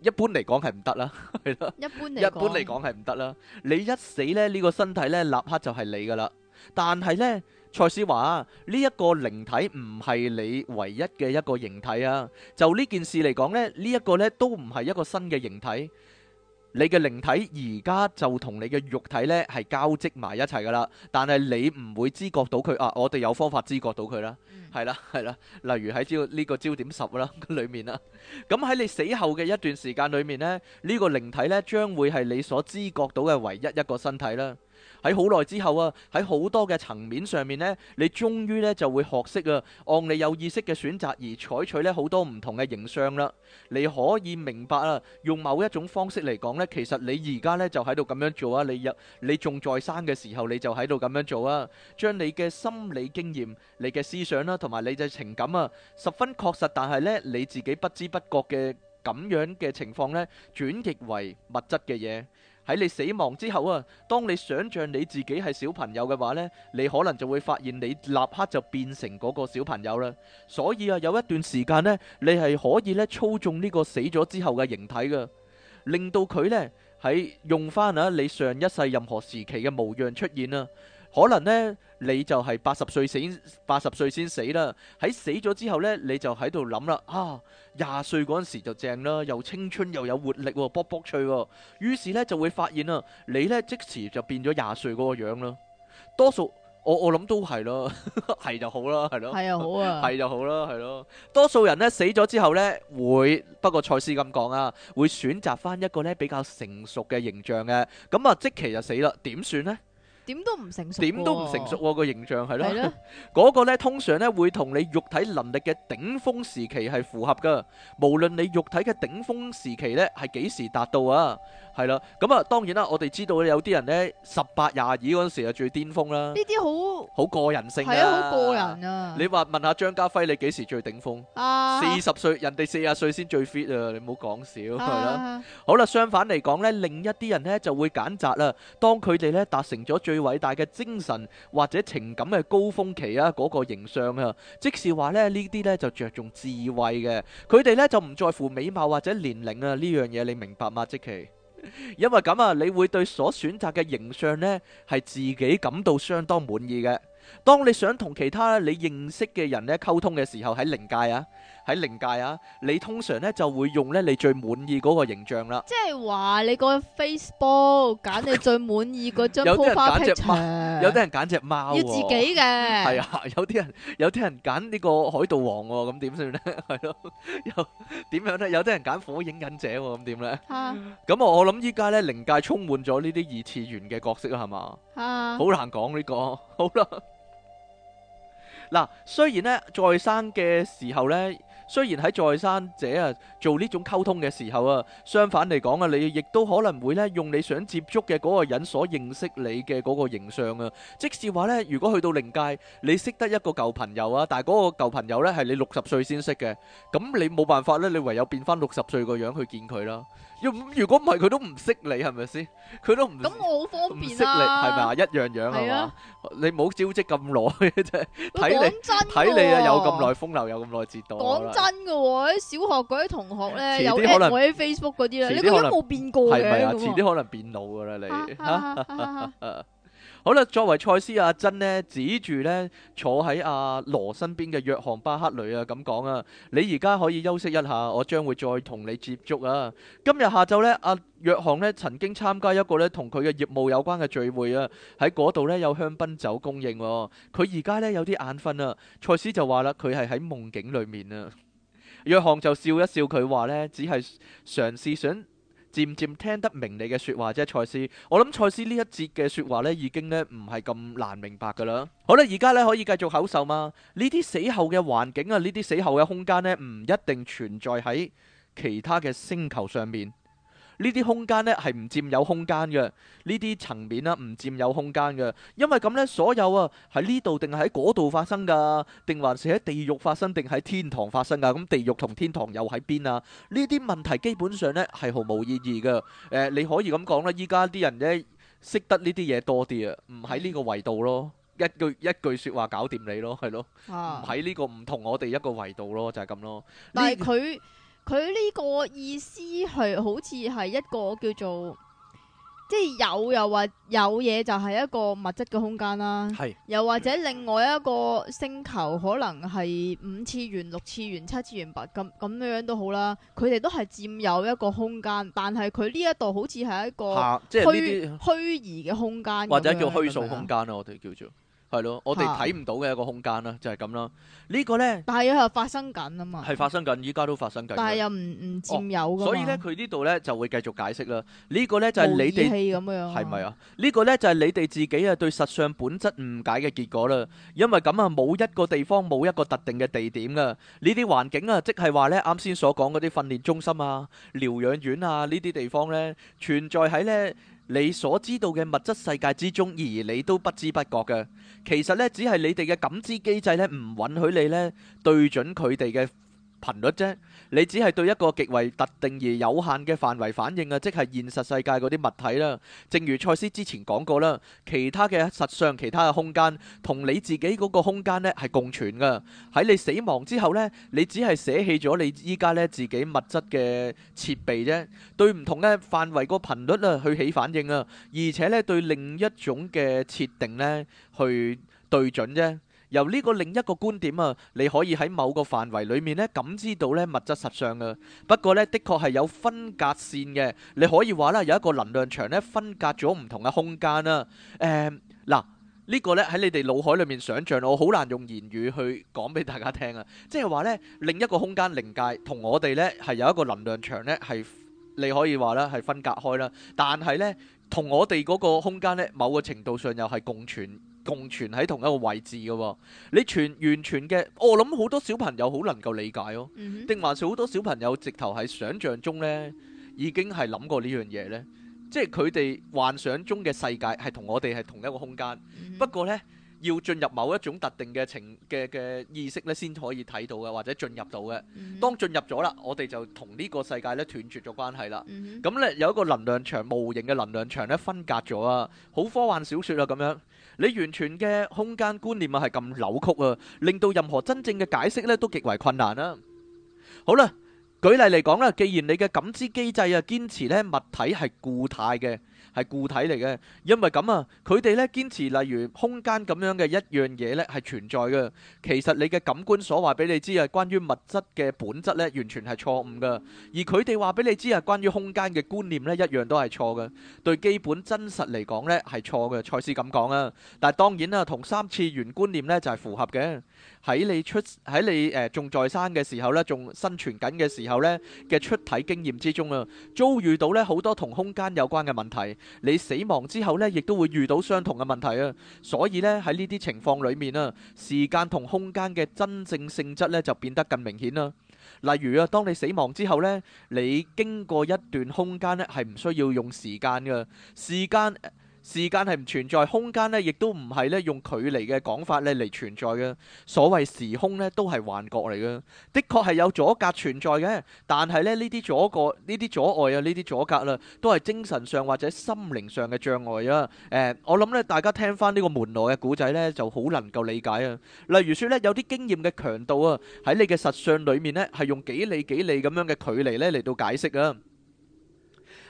一般嚟講係唔得啦，係咯，一般嚟講，一般嚟講係唔得啦。你一死咧呢個身體咧，立刻就係你噶啦。但係咧，蔡思華啊，呢一個靈體唔係你唯一嘅一個形體啊。就呢件事嚟講咧，呢一個咧都唔係一個新嘅形體。你嘅靈體而家就同你嘅肉體呢係交織埋一齊噶啦，但係你唔會知覺到佢啊，我哋有方法知覺到佢啦，係啦係啦，例如喺焦呢、這個焦點十啦裏面啦，咁 [LAUGHS] 喺你死後嘅一段時間裏面呢，呢、這個靈體呢將會係你所知覺到嘅唯一一個身體啦。喺好耐之後啊，喺好多嘅層面上面呢，你終於呢就會學識啊，按你有意識嘅選擇而採取呢好多唔同嘅形相啦。你可以明白啊，用某一種方式嚟講呢，其實你而家呢就喺度咁樣做啊。你入你仲在生嘅時候，你就喺度咁樣做啊，將你嘅心理經驗、你嘅思想啦，同埋你嘅情感啊，十分確實，但係呢，你自己不知不覺嘅咁樣嘅情況呢，轉極為物質嘅嘢。喺你死亡之後啊，當你想象你自己係小朋友嘅話呢，你可能就會發現你立刻就變成嗰個小朋友啦。所以啊，有一段時間呢，你係可以呢操縱呢個死咗之後嘅形體㗎，令到佢呢喺用翻啊你上一世任何時期嘅模樣出現啊。可能呢，你就係八十歲死，八十歲先死啦。喺死咗之後呢，你就喺度諗啦。啊，廿歲嗰陣時就正啦，又青春又有活力啊，卜卜脆。於是呢，就會發現啊，你呢，即時就變咗廿歲嗰個樣啦。多數我我諗都係咯，係 [LAUGHS] 就好啦，係咯，係就好啊，係 [LAUGHS] 就好啦，係咯。多數人呢，死咗之後呢，會，不過蔡司咁講啊，會選擇返一個呢比較成熟嘅形象嘅。咁啊，即期就死啦，點算呢？點都唔成熟，點都唔成熟個形象係咯，嗰個呢，通常呢會同你肉體能力嘅頂峰時期係符合噶，無論你肉體嘅頂峰時期呢係幾時達到啊。係啦，咁啊、嗯，當然啦，我哋知道有啲人呢，十八廿二嗰陣時啊，係最巔峰啦。呢啲好好個人性係啊，好過人啊。你話問下張家輝，你幾時最頂峰？啊、uh, 歲，四十歲，人哋四十歲先最 fit 啊！你唔好講笑係啦。好啦，相反嚟講呢，另一啲人呢就會揀擇啦。當佢哋呢達成咗最偉大嘅精神或者情感嘅高峰期啊，嗰、那個形象啊，即是話呢呢啲呢就着重智慧嘅，佢哋呢就唔在乎美貌或者年齡啊呢樣嘢，你明白嗎？即其。因為咁啊，你會對所選擇嘅形象呢係自己感到相當滿意嘅。當你想同其他你認識嘅人呢溝通嘅時候，喺靈界啊。喺靈界啊，你通常咧就會用咧你最滿意嗰個形象啦。即係話你個 Facebook 揀你最滿意嗰張。有啲人揀隻貓，有啲人揀隻貓。要自己嘅。係啊，有啲人有啲人揀呢個海盜王喎，咁點算咧？係咯，又點樣咧？有啲人揀火影忍者喎，咁點咧？啊。咁我我諗依家咧靈界充滿咗呢啲二次元嘅角色啦，係嘛？啊。好難講呢個，好啦。嗱，雖然咧再生嘅時候咧。雖然喺在生者啊做呢種溝通嘅時候啊，相反嚟講啊，你亦都可能會咧用你想接觸嘅嗰個人所認識你嘅嗰個形象啊。即使話咧，如果去到另界，你識得一個舊朋友啊，但係嗰個舊朋友咧係你六十歲先識嘅，咁你冇辦法咧，你唯有變返六十歲個樣去見佢啦。如果唔係佢都唔識你係咪先？佢都唔咁我好方便啊！識你係咪啊？一樣樣係嘛是、啊？你冇招積咁耐嘅啫，睇 [LAUGHS] 你睇、啊、你啊！有咁耐風流，有咁耐折墮。講真嘅喎、啊，小學嗰啲同學咧，有喺 Facebook 嗰啲啦，你嗰啲冇變過嘅。係啊，遲啲可能變老嘅啦、啊，你、啊。啊啊啊啊啊好啦，作為賽斯阿珍呢，指住呢坐喺阿、啊、羅身邊嘅約翰巴克雷啊，咁講啊，你而家可以休息一下，我將會再同你接觸啊。今日下晝呢，阿、啊、約翰呢曾經參加一個呢同佢嘅業務有關嘅聚會啊，喺嗰度呢，有香檳酒供應、啊。佢而家呢，有啲眼瞓啊。賽斯就話啦，佢係喺夢境裡面啊。約翰就笑一笑，佢話呢，只係嘗試想。漸漸聽得明你嘅説話啫，賽斯。我諗賽斯呢一節嘅説話呢已經呢唔係咁難明白噶啦。好啦，而家呢可以繼續口授嘛？呢啲死後嘅環境啊，呢啲死後嘅空間呢啊，唔一定存在喺其他嘅星球上面。呢啲空間呢係唔佔有空間嘅，呢啲層面呢唔佔有空間嘅，因為咁呢所有啊，喺呢度定係喺嗰度發生噶，定還是喺地獄發生定喺天堂發生噶？咁地獄同天堂又喺邊啊？呢啲問題基本上呢係毫無意義嘅。誒、呃，你可以咁講啦，依家啲人呢識得呢啲嘢多啲啊，唔喺呢個維度咯，一句一句説話搞掂你咯，係咯，唔喺呢個唔同我哋一個維度咯，就係、是、咁咯。但係佢。這個佢呢個意思係好似係一個叫做即係有又話有嘢就係一個物質嘅空間啦，是又或者另外一個星球可能係五次元、六次元、七次元、八咁咁樣樣好都好啦，佢哋都係佔有一個空間，但係佢呢一度好似係一個虛虛擬嘅空間，或者叫虛數空間啦，我哋叫做。係咯，我哋睇唔到嘅一個空間啦，就係咁啦。這個、呢個咧，但係又發生緊啊嘛，係發生緊，依家都發生緊。但係又唔唔佔有、哦、所以呢，佢呢度呢就會繼續解釋啦。呢、這個呢，就係、是、你哋，係咪啊？呢、啊這個呢，就係、是、你哋自己啊對實相本質誤解嘅結果啦。因為咁啊，冇一個地方冇一個特定嘅地點噶、啊。呢啲環境啊，即係話呢，啱先所講嗰啲訓練中心啊、療養院啊呢啲地方呢，存在喺呢你所知道嘅物質世界之中，而你都不知不覺嘅，其實呢，只係你哋嘅感知機制咧，唔允許你咧對準佢哋嘅。頻率啫，你只係對一個極為特定而有限嘅範圍反應啊，即係現實世界嗰啲物體啦。正如賽斯之前講過啦，其他嘅實相、其他嘅空間同你自己嗰個空間咧係共存噶。喺你死亡之後呢，你只係捨棄咗你依家咧自己物質嘅設備啫，對唔同嘅範圍個頻率啊去起反應啊，而且呢，對另一種嘅設定呢，去對準啫。由呢個另一個觀點啊，你可以喺某個範圍裡面咧，感知到咧物質實相啊。不過咧，的確係有分隔線嘅。你可以話啦，有一個能量場咧，分隔咗唔同嘅空間啊。誒，嗱，呢個咧喺你哋腦海裡面想象，我好難用言語去講俾大家聽啊。即係話咧，另一個空間靈界同我哋咧係有一個能量場咧，係你可以話啦係分隔開啦。但係咧，同我哋嗰個空間咧，某個程度上又係共存。共存喺同一個位置嘅。哦，你全完全嘅，我諗好多小朋友好能夠理解咯。哦，定、mm hmm. 還是好多小朋友直頭係想像中呢已經係諗過呢樣嘢呢？即係佢哋幻想中嘅世界係同我哋係同一個空間，mm hmm. 不過呢，要進入某一種特定嘅情嘅嘅意識呢，先可以睇到嘅或者進入到嘅，mm hmm. 當進入咗啦，我哋就同呢個世界咧斷絕咗關係啦，咁、mm hmm. 呢，有一個能量場，無形嘅能量場咧分隔咗啊，好科幻小説啊咁樣。你完全嘅空間觀念啊，係咁扭曲啊，令到任何真正嘅解釋呢都極為困難啦。好啦，舉例嚟講啦，既然你嘅感知機制啊堅持呢物體係固態嘅。係固體嚟嘅，因為咁啊，佢哋呢堅持，例如空間咁樣嘅一樣嘢呢係存在嘅。其實你嘅感官所話俾你知啊，關於物質嘅本質呢，完全係錯誤噶。而佢哋話俾你知啊，關於空間嘅觀念呢，一樣都係錯嘅。對基本真實嚟講呢，係錯嘅，賽斯咁講啊。但係當然啦，同三次元觀念呢，就係符合嘅。喺你出喺你誒仲在生嘅時候咧，仲生存緊嘅時候咧嘅出體經驗之中啊，遭遇到咧好多同空間有關嘅問題。你死亡之後咧，亦都會遇到相同嘅問題啊。所以咧喺呢啲情況裡面啊，時間同空間嘅真正性質咧就變得更明顯啦。例如啊，當你死亡之後咧，你經過一段空間咧係唔需要用時間㗎，時間。時間係唔存在，空間呢亦都唔係咧用距離嘅講法咧嚟存在嘅。所謂時空呢，都係幻覺嚟嘅。的確係有阻隔存在嘅，但係咧呢啲阻隔、呢啲阻礙啊、呢啲阻隔啦，都係精神上或者心靈上嘅障礙啊。誒、呃，我諗咧大家聽翻呢個門羅嘅古仔呢，就好能夠理解啊。例如說呢，有啲經驗嘅強度啊，喺你嘅實相裡面呢，係用幾里幾里咁樣嘅距離呢嚟到解釋啊。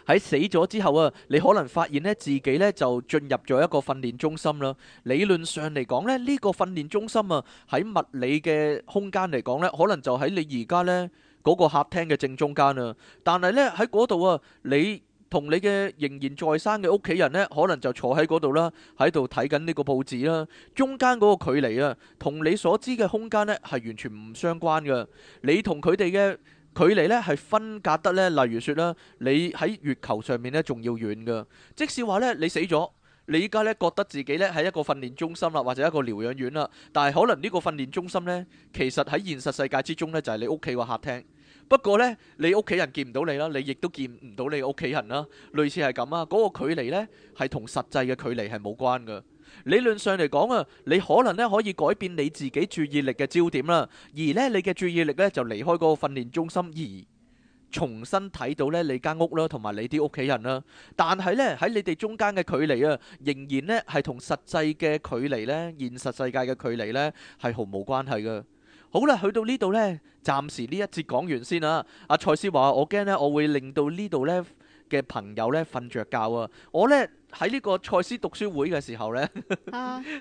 喺死咗之後啊，你可能發現呢自己呢就進入咗一個訓練中心啦。理論上嚟講呢，呢個訓練中心啊，喺物理嘅空間嚟講呢，可能就喺你而家呢嗰個客廳嘅正中間啊。但係呢，喺嗰度啊，你同你嘅仍然在生嘅屋企人呢，可能就坐喺嗰度啦，喺度睇緊呢個報紙啦。中間嗰個距離啊，同你所知嘅空間呢係完全唔相關嘅。你同佢哋嘅。距離呢係分隔得呢，例如說啦，你喺月球上面呢仲要遠噶。即使話呢你死咗，你依家呢覺得自己呢喺一個訓練中心啦，或者一個療養院啦，但係可能呢個訓練中心呢，其實喺現實世界之中呢就係你屋企個客廳。不過呢，你屋企人見唔到你啦，你亦都見唔到你屋企人啦。類似係咁啊，嗰個距離呢係同實際嘅距離係冇關噶。理論上嚟講啊，你可能呢可以改變你自己注意力嘅焦點啦，而呢，你嘅注意力呢就離開嗰個訓練中心而重新睇到呢你間屋啦，同埋你啲屋企人啦。但係呢，喺你哋中間嘅距離啊，仍然呢係同實際嘅距離呢、現實世界嘅距離呢係毫無關係嘅。好啦，去到呢度呢，暫時呢一節講完先啊。阿蔡思話：我驚呢，我會令到呢度呢嘅朋友呢瞓着覺啊。我呢。喺呢個賽斯讀書會嘅時候呢，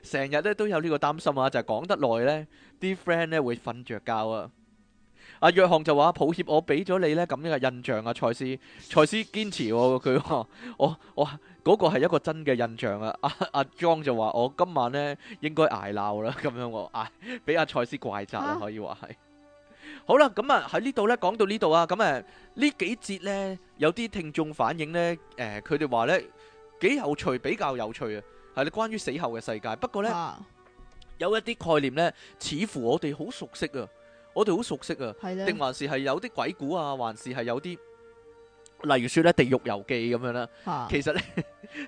成日咧都有呢個擔心啊，就係、是、講得耐呢啲 friend 呢會瞓着覺啊。阿約翰就話抱歉，我俾咗你呢咁樣嘅印象啊。賽斯，賽斯堅持佢、啊，我我嗰個係一個真嘅印象啊。阿阿莊就話我今晚呢應該挨鬧啦，咁樣我挨俾阿賽斯怪責啦，可以話係。 [LAUGHS] 好啦，咁啊喺呢度呢講到呢度啊，咁誒呢、啊、幾節呢，有啲聽眾反映呢，誒佢哋話呢。幾有趣，比較有趣啊，係你關於死後嘅世界。不過呢，有一啲概念呢，似乎我哋好熟悉啊，我哋好熟悉啊，定還是係有啲鬼故啊，還是係有啲，例如說咧《地獄遊記》咁樣啦。其實呢，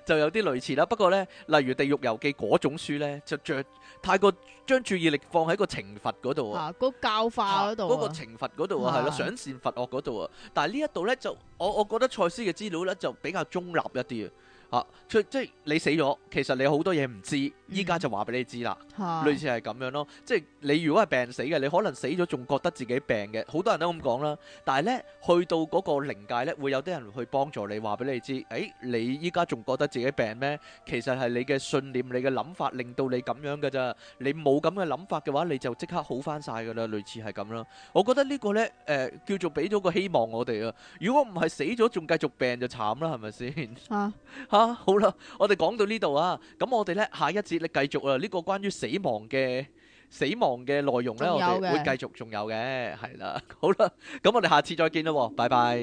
就有啲類似啦。不過呢，例如《地獄遊記》嗰種書呢，就着太過將注意力放喺個懲罰嗰度啊，個教化嗰度，嗰個懲罰嗰度啊，係咯，賞善罰惡嗰度啊。但係呢一度呢，就我我覺得賽斯嘅資料呢，就比較中立一啲啊。啊！即係你死咗，其實你好多嘢唔知，依家就話俾你知啦。類似係咁樣咯，即係你如果係病死嘅，你可能死咗仲覺得自己病嘅，好多人都咁講啦。但係咧，去到嗰個靈界咧，會有啲人去幫助你，話俾你知。誒，你依家仲覺得自己病咩？其實係你嘅信念、你嘅諗法令到你咁樣㗎咋。你冇咁嘅諗法嘅話，你就即刻好翻曬㗎啦。類似係咁啦。我覺得呢個咧，誒叫做俾咗個希望我哋啊。如果唔係死咗仲繼續病就慘啦，係咪先？嚇嚇！啊、好啦，我哋講到呢度啊，咁我哋呢下一節你繼續啊，呢、呢個關於死亡嘅死亡嘅內容呢，我哋會繼續，仲有嘅係啦，好啦，咁我哋下次再見啦，拜拜。